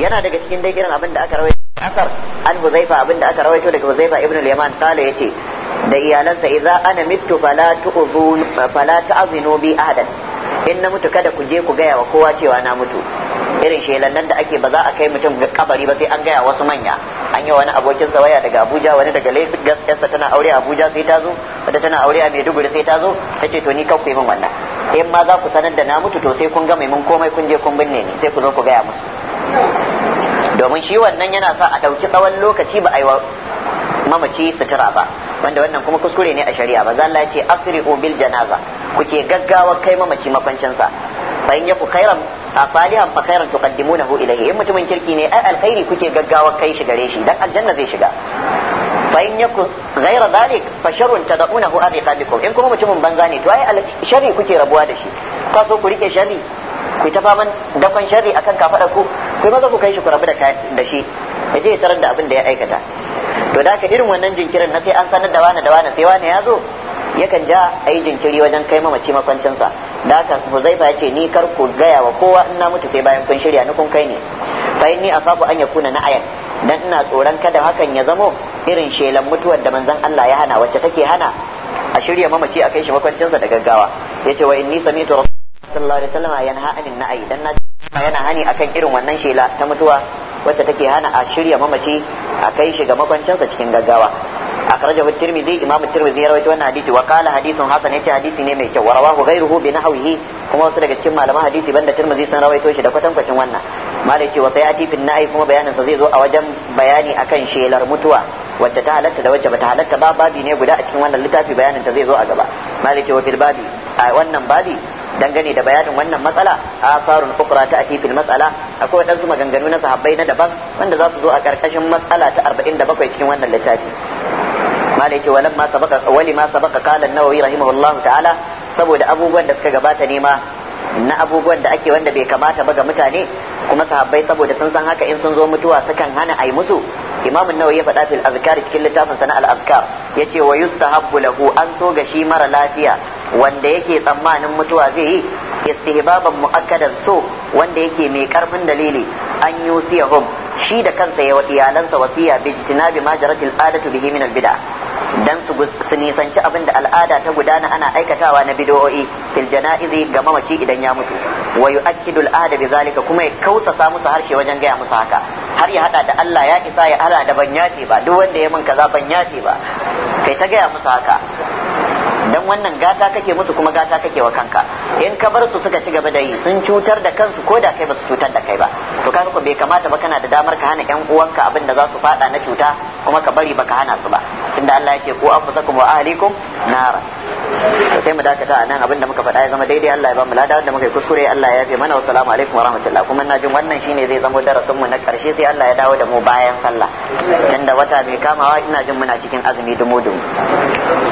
yana daga cikin dai irin abin da aka rawaito asar an huzaifa abin da aka rawaito daga huzaifa ibn al-yaman kala yace da iyalansa idza ana mittu fala tu'zun fala ta'zinu bi ahadan in na mutu kada ku je ku gaya wa kowa cewa na mutu irin shelan nan da ake ba za a kai mutum ga kabari ba sai an gaya wasu manya an yi wani abokin waya daga Abuja wani daga Lagos gaskiyarsa tana aure a Abuja sai ta zo wanda tana aure a Maiduguri sai ta zo ta to ni kawai min wannan in ma za ku sanar da na mutu to sai kun ga mai mun komai kun je kun binne ni sai ku zo ku gaya musu domin shi wannan yana sa a ɗauki tsawon lokaci ba a yi wa mamaci sutura ba wanda wannan kuma kuskure ne a shari'a ba zalla ce asri'u bil janaza kuke gaggawa kai mamaci makwancin sa fa in yaku khairan a salihan fa khairan tuqaddimunahu ilayhi in mutumin kirki ne ai alkhairi kuke gaggawa kai shi gare shi dan aljanna zai shiga fa in yaku ghaira dhalik fa sharrun tad'unahu ariqabikum in kuma mutumin banza ne to ai sharri kuke rabuwa da shi ka so ku rike sharri ku ta faman dakon sharri akan kafadar ku kai maza ku kai shi ku rabu da shi ya je ya tarar da abin da ya aikata to da ka irin wannan jinkirin na sai an sanar da wani da wani sai wani ya zo yakan ja a yi jinkiri wajen kai mamaci makwancinsa da haka huzaifa ya ce ni kar ku gaya wa kowa in na mutu sai bayan kun shirya ni kun kai ne fa a asafu an yakuna ayan? dan ina tsoron kada hakan ya zamo irin shelan mutuwar da manzon Allah ya hana wacce take hana a shirya mamaci a kai shi makwancinsa da gaggawa yace wa ni sami'tu rasulullahi sallallahu alaihi wasallam yanha anin na'ayi dan na yana hani akan irin wannan shela ta mutuwa wacce take hana a shirya mamaci a kai shi ga makwancinsa cikin gaggawa akhrajahu at-tirmidhi imam at-tirmidhi ya rawaito wannan hadisi wa qala hadithun hasan yace hadisi ne mai kyau wa rawahu ghayruhu bi nahwihi kuma wasu daga cikin malaman hadisi banda tirmidhi sun rawaito shi da kwatankwacin wannan malai ce wa sai ati bin na'i kuma bayanin sa zai zo a wajen bayani akan shelar mutuwa wacce ta halatta da wacce bata halatta ba babi ne guda a cikin wannan littafi bayanin ta zai zo a gaba malai ce wa fil babi a wannan babi dangane da bayanin wannan matsala a farun ukra ta ati fil matsala akwai wadansu maganganu na sahabbai na daban wanda za su zo a karkashin matsala ta 47 cikin wannan littafi malai ce walam ma sabaka wali ma sabaka qala an-nawawi rahimahullahu ta'ala saboda abubuwan da suka gabata ne ma na abubuwan da ake wanda bai kamata ba ga mutane kuma sahabbai saboda sun san haka in sun zo mutuwa sukan hana ai musu imam an-nawawi ya faɗa fil azkar cikin littafin sana al-azkar yace wa yustahabbu lahu an so ga shi mara lafiya wanda yake tsammanin mutuwa zai yi istihbaban mu'akkadan so wanda yake mai karfin dalili an yusiyahum shi da kansa ya iyalansa wasiya bi jitinabi ma jaratil adatu bihi min al-bid'a dan su nisanci abin da al'ada ta gudana ana aikatawa na bid'o'i fil janaizi ga mamaci idan ya mutu wa yu'akkidu al-ahda zalika kuma ya kausasa musu harshe wajen gaya musu haka har ya hada da Allah ya isa ya kaza da ban yace ba duk wanda ya min kaza ban yace ba kai ta gaya musu haka dan wannan gata kake musu kuma gata kake wa kanka in ka bar su suka ci gaba da yi sun cutar da kansu ko da kai ba su cutar da kai ba to kaga ko bai kamata ba kana da damar ka hana yan uwanka abin da za su fada na cuta kuma ka bari ba ka hana su ba tunda Allah yake ku anfusakum wa ahlikum nara to sai mu dakata anan abin da muka faɗa ya zama daidai Allah ya ba mu lada wanda muka yi kuskure Allah ya yafe mana assalamu alaikum wa rahmatullahi kuma na jin wannan shine zai zama darasin mu na karshe sai Allah ya dawo da mu bayan sallah tunda wata mai kamawa ina jin muna cikin azumi dumu dumu